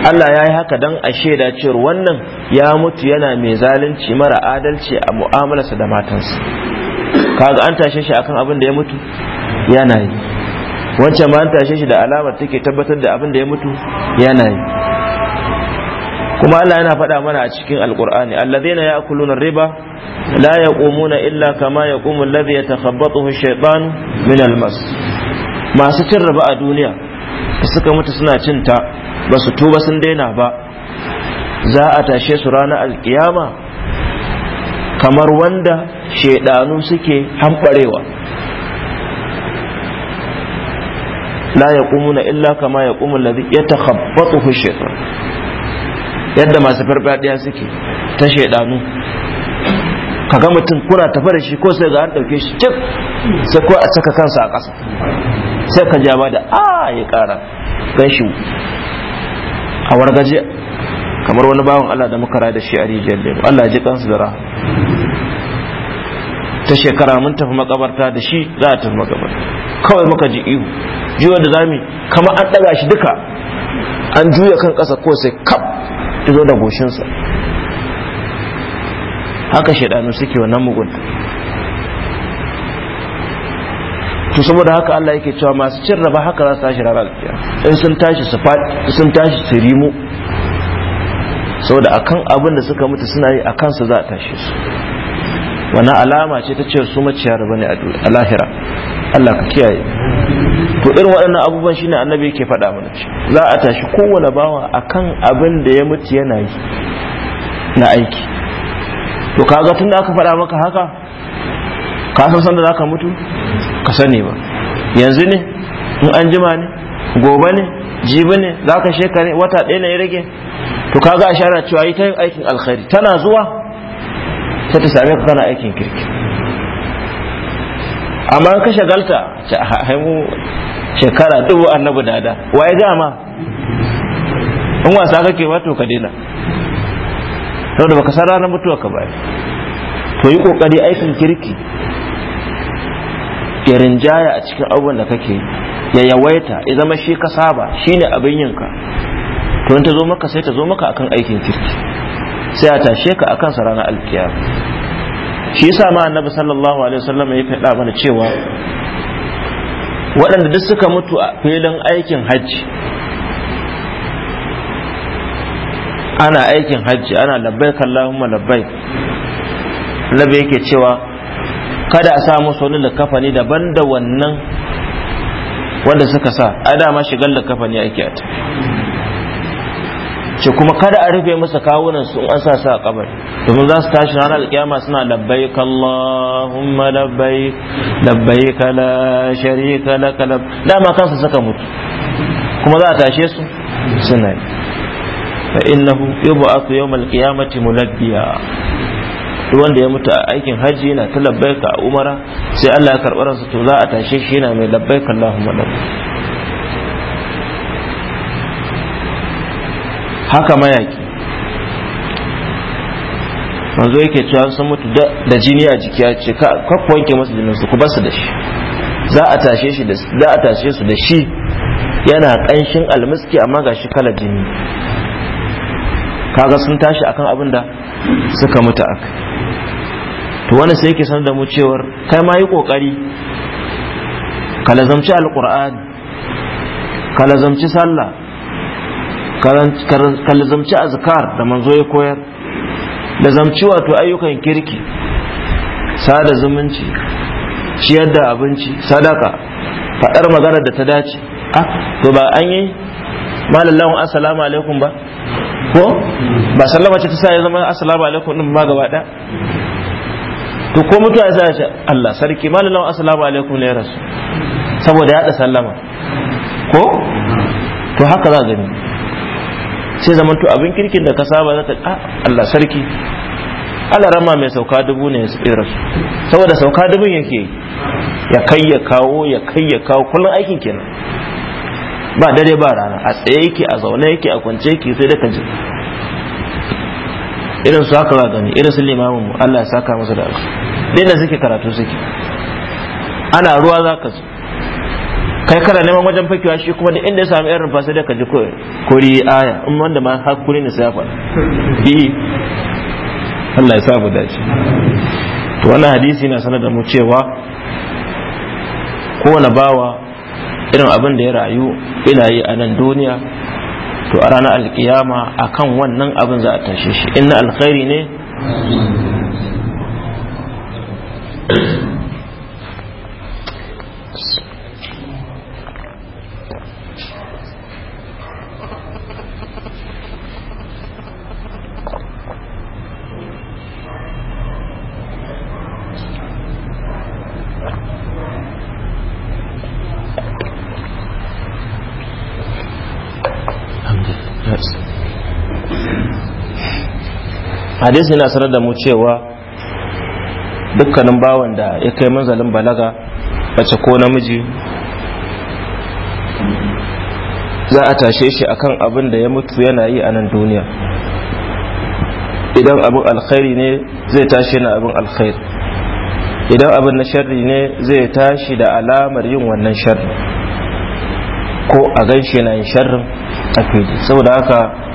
Allah ya yi haka don a shaida cewar wannan ya mutu yana mai zalunci mara adalci a mu'amalarsa da matansa kaga an tashe shi akan abin da ya mutu yana yi wancan ma an tashe shi da alamar take tabbatar da abin da ya mutu yana yi kuma Allah yana faɗa mana a cikin alkur'ani allazina ya'kuluna riba la yaqumuna illa kama yaqumu alladhi yatakhabbathu ash-shaytan min al-mas masu cin riba a duniya suka mutu suna cin ta. ba su tuba sun daina ba za a tashe su ranar alkiyama kamar wanda shaidanu suke hamɓarewa la ya na illa kama ya ƙumun lazi ya ta shekaru. yadda masu farfadiya suke ta shaidanu kaga mutum kuna tafa da shi ko sai ga an ɗauke shi cik sai ko a saka kansa a ƙasa sai ka jama da a ya ƙara ganshi a wargaje kamar wani bawan Allah da muka rada shi a rijiyar lemu Allah ji kansu da ta shekara mun tafi makabarta da shi za a tafi makabarta kawai muka ji ihu jiwa da zami kamar an ɗaga shi duka an juya kan ƙasa ko sai kaf zo da goshinsa haka shaidanu suke wannan mugunta to saboda haka Allah yake cewa masu cin raba haka za su tashi ranar alkiyama in sun tashi su sun tashi su rimu saboda akan abin da suka mutu suna yi a kansu za a tashi su wani alama ce ta cewa su maciya raba ne a lahira Allah ka kiyaye to irin waɗannan abubuwan shine annabi yake faɗa mana za a tashi kowane bawa akan abin da ya mutu yana yi na aiki to kaga tunda aka faɗa maka haka ka san sanda zaka mutu baka sani ba yanzu ne in an jima ne gobe ne jibi ne za ka sheka ne wata ɗaya na ya rage to kaga a shara cewa yi ta yin aikin alkhairi tana zuwa ta ta same ka kana aikin kirki amma ka shagalta haimu shekara dubu annabi dada waye dama in wasa kake wato ka daina saboda baka san ranar mutuwa ka ba to yi kokari aikin kirki ya rinjaya a cikin abubuwan da kake ya yawaita ya zama shi ka saba shi ne abin yinka to in ta zo maka sai ta zo maka akan aikin kirki sai a tashe ka akan sa ranar alkiyar. shi yasa ma annabi sallallahu alaihi wasallam ya faɗa mana cewa waɗanda duk suka mutu a filin aikin hajji ana aikin hajji ana labbaik Allahumma labbaik annabi yake cewa kada a sa musu wani likafani daban da wannan wanda suka sa a dama shigar likafani ake ta. ce kuma kada a rufe musu kawunan su an sa sa a kabar domin za su tashi ranar alkiyama suna labbai Allahumma labbai labbai kala kala kala dama kansu suka mutu kuma za a tashe su suna yi fa innahu yub'athu yawm qiyamati mulabbiya duk wanda ya mutu a aikin hajji yana ta labbaika a umara sai Allah ya karɓar sa to za a tashe shi yana mai labbaika Allahumma labbaik haka mayaki manzo yake cewa sun mutu da jini a jiki ya ce kakku wanke masu jinin su ku basu da shi za a tashe shi za a tashe su da shi yana kanshin almiski amma ga shi kala jini kaga sun tashi akan abin da suka mutu aka to wani sai yake sanar da mu cewar kai ma yi kokari ka lazamci alqur'ani ka lazamci sallah ka lazamci azkar da manzo ya koyar lazamci wato ayyukan kirki sada zumunci ciyar da abinci sadaka faɗar magana da ta dace ah, to ba an yi malallahu assalamu alaikum ba ko ba sallama ce ta sa ya zama assalamu alaikum din ba gaba da to ko mutuwa ya sa Allah sarki malalan assalamu alaikum ne rasu saboda ya da sallama ko to haka za gani sai zaman to abin kirkin da ka saba za ka ah, Allah sarki Allah rama mai sauka dubu ne ya tsira su saboda sauka dubun yake ya kai ya kawo ya kai ya kawo kullum aikin kenan ba dare ba rana a tsaye yake a zaune yake a kwance yake sai da ji irin su haka ba gani irin su limamin mu Allah ya saka masa da dai da suke karatu suke ana ruwa za ka zo kai kana neman wajen fakewa shi kuma da inda ya samu irin fasa da ka ji kori aya in wanda ma hakuri ne sai ya faɗa Allah ya sa mu dace to wannan hadisi na sanar da mu cewa kowane bawa irin abin da ya rayu ina yi a nan duniya to a ranar alkiyama akan wannan abin za a tashe shi inna alkhairi ne hadisi yana sanar da mu cewa dukkanin bawan da ya kai manzalin balaga bace ko namiji za a tashe shi akan abin da ya mutu yana yi a nan duniya idan abin alkhairi ne zai tashi na abin alkhairi idan abin na sharri ne zai tashi da alamar yin wannan sharri ko a gan shi na yin sharrin a fili saboda haka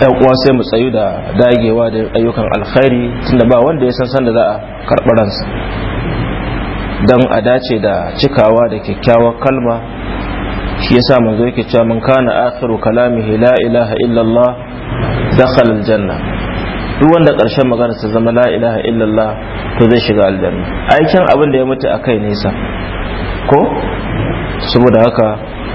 yan uwa sai mu tsayu da dagewa da ayyukan alkhairi tunda ba wanda ya san sanda za a karɓi don a dace da cikawa da kyakkyawar kalma shi yasa zo yake cewa mun kana akhiru kalamihi la ilaha illallah dakhala aljanna duk wanda karshen magana ta zama la ilaha illallah to zai shiga aljanna aikin abin da ya mutu akai nesa ko saboda haka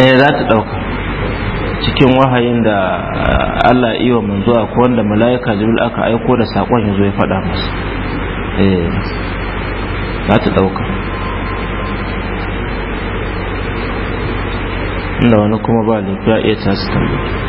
eh za ta dauka cikin wahayin da ah, Allah iya manzo a ko wanda mala'ika jibril aka aiko da sakon yazo ya faɗa musu eh za ta dauka inda wani kuma ba lafiya iya tasu tambaye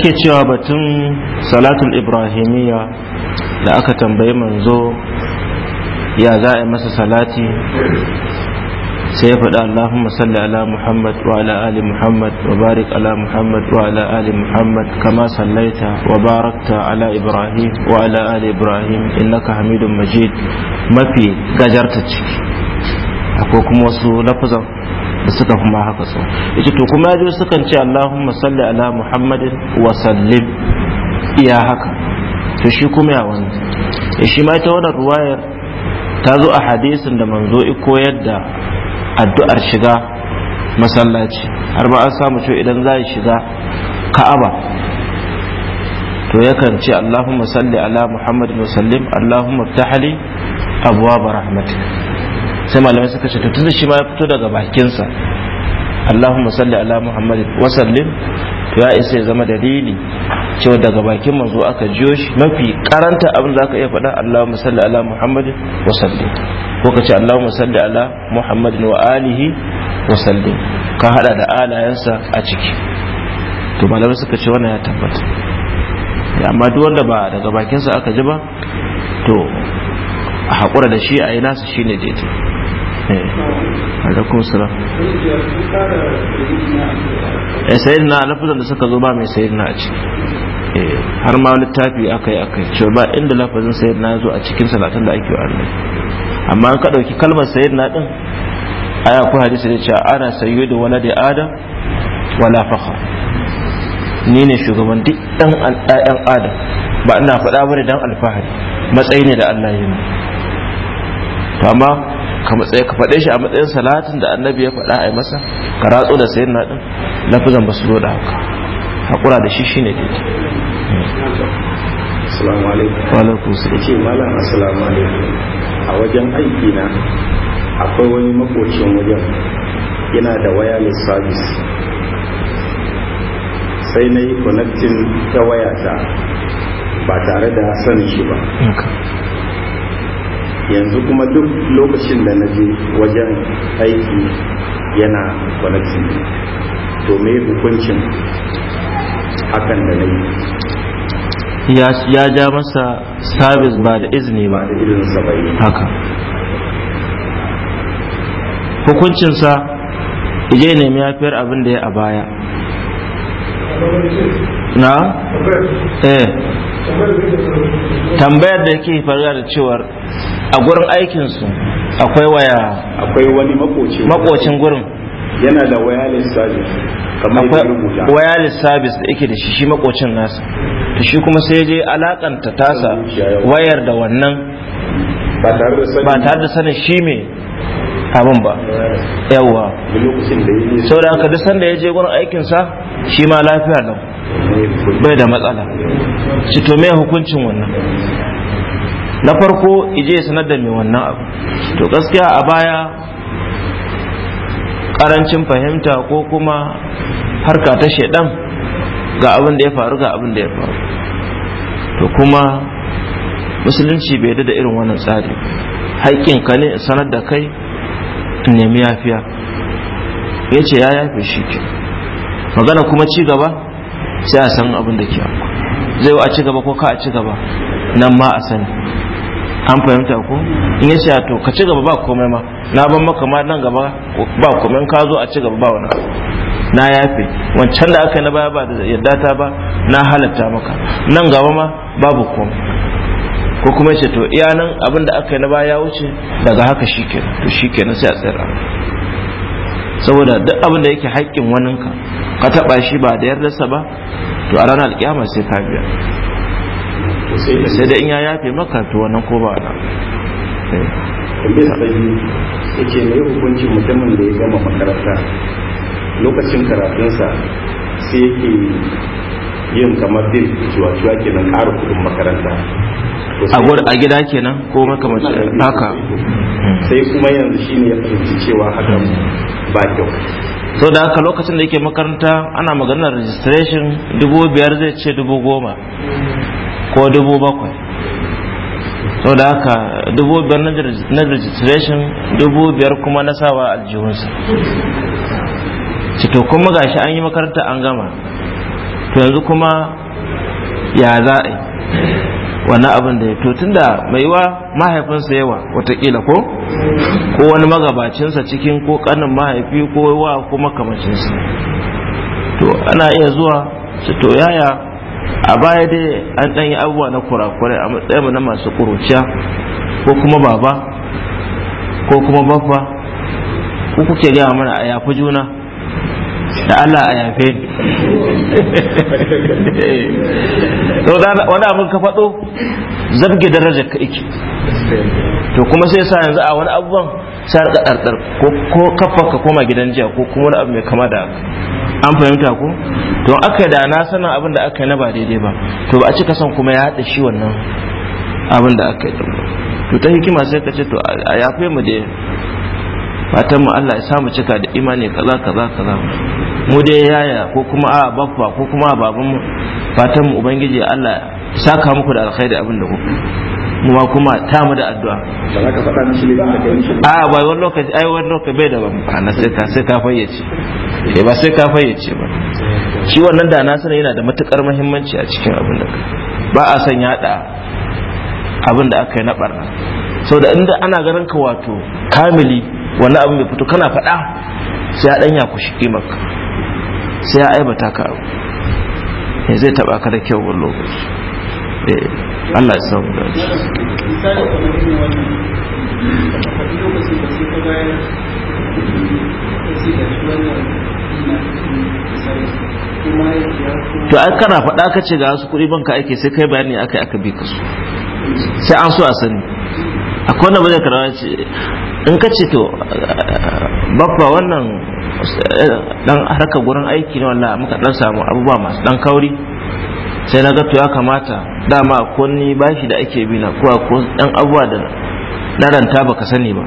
yake cewa batun salatul ibrahimiyya da aka tambayi manzo ya za a masa salati sai ya faɗi Allahumma salli ala Muhammad wa ala ali Muhammad wa barik ala Muhammad wa ala ali Muhammad kama sallaita wa barakta ala Ibrahim wa ala ali Ibrahim innaka Hamidum Majid mafi gajarta ciki akwai kuma wasu lafazan suka kuma haka so yace to kuma yaje sukan ce Allahumma salli ala Muhammadin wa sallim iya haka to shi kuma ya wani eh, shi ma ita wannan ruwayar ta zo a hadisin da manzo i koyar da addu'ar shiga masallaci har ba an samu cewa idan za shiga ka'aba to yakan ce Allahumma salli ala Muhammadin wa sallim Allahumma abuwa ba rahmatika sai malamai suka ce tun da shi ma ya fito daga bakinsa Allahumma salli ala Muhammad wa sallim to ya isa ya zama dalili cewa daga bakin manzo aka jiyo shi mafi karanta abin za ka iya faɗa Allahumma salli ala Muhammad wa sallim ko ka ce Allahumma salli ala Muhammad wa alihi wa sallim ka hada da alayensa a ciki to malamai suka ce wannan ya tabbata amma duk wanda ba daga bakinsa aka ji ba to a haƙura da shi a yi nasa shine daidai alaikum salam eh sayyidina lafazan da suka zo ba mai sayyidina a ciki eh, har ma littafi akai akai cewa ba inda lafazin sayyidina ya zo a cikin salatin da ake wa amma an ka dauki kalmar sayyidina din aya ku hadisi da cewa ana sayyidu waladi adam wala fakhr ni ne shugaban duk dan ɗayan adam ba ina faɗa bane dan alfahari matsayi ne da Allah ya yi to amma ka matsaye ka faɗe shi a matsayin salatin da annabi ya faɗa a yi masa ka ratso da sayin na ɗin lafizan ba su zo da haka haƙura da shi shine daidai assalamu alaikum wa alaikum salam ce malam assalamu alaikum a wajen aiki na akwai wani makocin wajen yana da wireless service sai na yi connecting ta wayata ba tare da sanin shi ba yanzu kuma duk lokacin da na je wajen aiki yana kwanaki to me hukuncin hakan da na yi ya ja masa sabis ba da izini ba da izinin saba'i eh. haka hukuncinsa ije nemi yafiyar abin da ya a baya na? eh tambayar da ke faruwa da cewar a gurin aikinsu akwai waya akwai wani makocin gurin yana da wireless service akwai wireless service da yake da shi shi makocin nasa to shi kuma sai je alakanta tasa wayar da wannan ba tare da sanin shi me abin ba yawwa sau da aka duk sanda ya je gurin aikinsa shi ma lafiya lau bai da matsala shi to mai hukuncin wannan na farko ije ya sanar da mai wannan abu to gaskiya a baya karancin fahimta ko kuma harka ta shaidan ga abin da ya faru ga abin da ya faru to kuma musulunci bai da irin wannan tsari haƙƙinka ne sanar da kai nemi yafiya ya ce ya yafe shi ke magana kuma ci gaba sai a san abin da ke akwai zai a ci gaba ko ka a ci gaba nan ma a sani an fahimta ko in ya ce to ka ci gaba ba komai ma na ban maka ma nan gaba ba komai ka zo a ci gaba ba wani na yafe wancan da aka yi na baya ba da yadda ta ba na halatta maka nan gaba ma babu komai ko kuma ce to iya nan abin da aka yi na baya wuce daga haka shi ke to shi ke sai a tsira saboda duk abin da yake haƙƙin waninka ka taɓa shi ba da yardarsa ba to a ranar alƙiyama sai ka biya sai da in ya yafe maka to wannan ko ba na yake mai hukunci mutumin da ya gama makaranta lokacin karatunsa sai yake yin kamar din cewa cewa kenan ƙara kudin makaranta a gida kenan ko makamacin haka hmm. sai kuma yanzu shi ne ya fahimci cewa hakan ba kyau so da haka lokacin da yake makaranta ana maganar registration dubu biyar zai ce dubu goma ko dubu bakwai so da haka dubu biyar na registration dubu biyar kuma na sawa aljihunsa to kuma gashi an yi makaranta an gama to yanzu kuma ya za a wani abin da ya to tunda mai wa mahaifinsa yawa watakila ko ko wani magabacinsa cikin ko kanin mahaifi ko wa kuma kamacinsa to ana iya zuwa su to yaya a baya dai an ɗanyi abubuwa na kurakurai a matsayin na masu ƙuruciya ko kuma baba ko kuma babba ko kuke gaya mana a yafi juna da Allah a yafe to wani abin ka faɗo zabge darajar ka iki to kuma sai sa yanzu a wani abubuwan sai rika ɗarɗar ko kafa ka koma gidan jiya ko kuma wani abu mai kama da an fahimta ko to aka da na sanin abin da aka yi na ba daidai ba to ba a cika son kuma ya haɗa shi wannan abin da aka yi to ta hikima sai ka ce to a yafe mu da fatan mu Allah ya samu cika da imani kaza kaza kaza mu dai yaya ko kuma a baffa ko kuma a baban mu fatan mu ubangiji Allah ya saka muku da alkhairi abin da kuka mu ma kuma ta mu da addu'a a ba wani lokaci ai wani lokaci bai da ba na sai ka sai ka fayyace eh ba sai ka fayyace ba shi wannan da na sanin yana da matukar muhimmanci a cikin abin da ba a son yada abin da aka yi na barna da inda ana ganin ka wato kamili wani abin bai fito kana faɗa sai ya ɗanya ku shi maka sai ya aibata ka abu ya eh, zai taɓa ka da kyau wani lokaci eh, Allah ya samu da to ai kana faɗa ka ce ga wasu kuɗi banka ake sai kai bayani aka aka bi ka su sai an so a sani akwai wanda karawa ce in ka ce to babba wannan eh, dan harka gurin aiki ne wallahi muka dan samu abubuwa masu dan kauri sai na ga to ya kamata dama ko ni bashi da ake bi na ko ko dan abubuwa da na ranta baka sani ba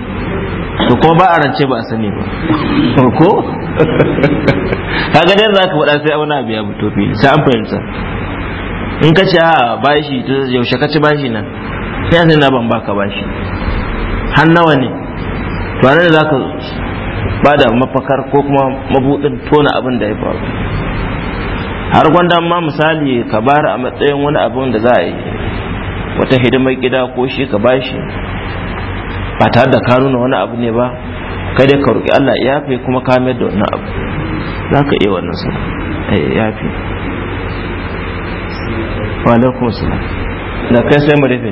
to kuma ba a rance ba a sani ba ko ga dai zaka faɗa sai wani abu ya sai an fahimta in ka ce a bashi to yaushe ka ci bashi nan kai sai na ban baka bashi har nawa ne to nan za ka ba da mafakar ko kuma mabudin tona abin da ya faru har gwanda ma misali ka bar a matsayin wani abin da za a yi wata hidimar gida ko shi ka bashi ba tare da ka nuna wani abu ne ba kai dai ka roƙi Allah ya fi kuma ka mayar da wannan abu za ka iya wannan sa eh, ya fi wa alaikum assalam da kai sai mu rufe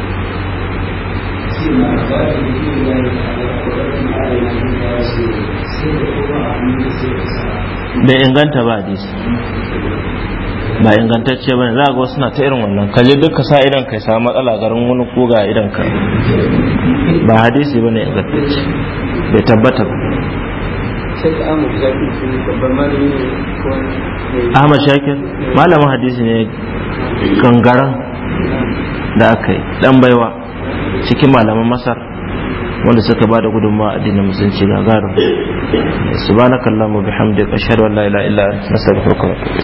bai inganta ba hadisi ba ingantacce ba ne za ga wasu na ta irin wannan kaje duka sa idan kai samu matsala garin wani koga idan ka ba hadisi ba ne ingantacce bai tabbata ba Ahmad Shakir malamin hadisi ne gangaran da aka yi dan baiwa cikin malaman masar wanda suka ba da gudunmawa addinin musulunci gagarin subhanakallahumma bihamdika ashhadu an la ilaha illa anta astaghfiruka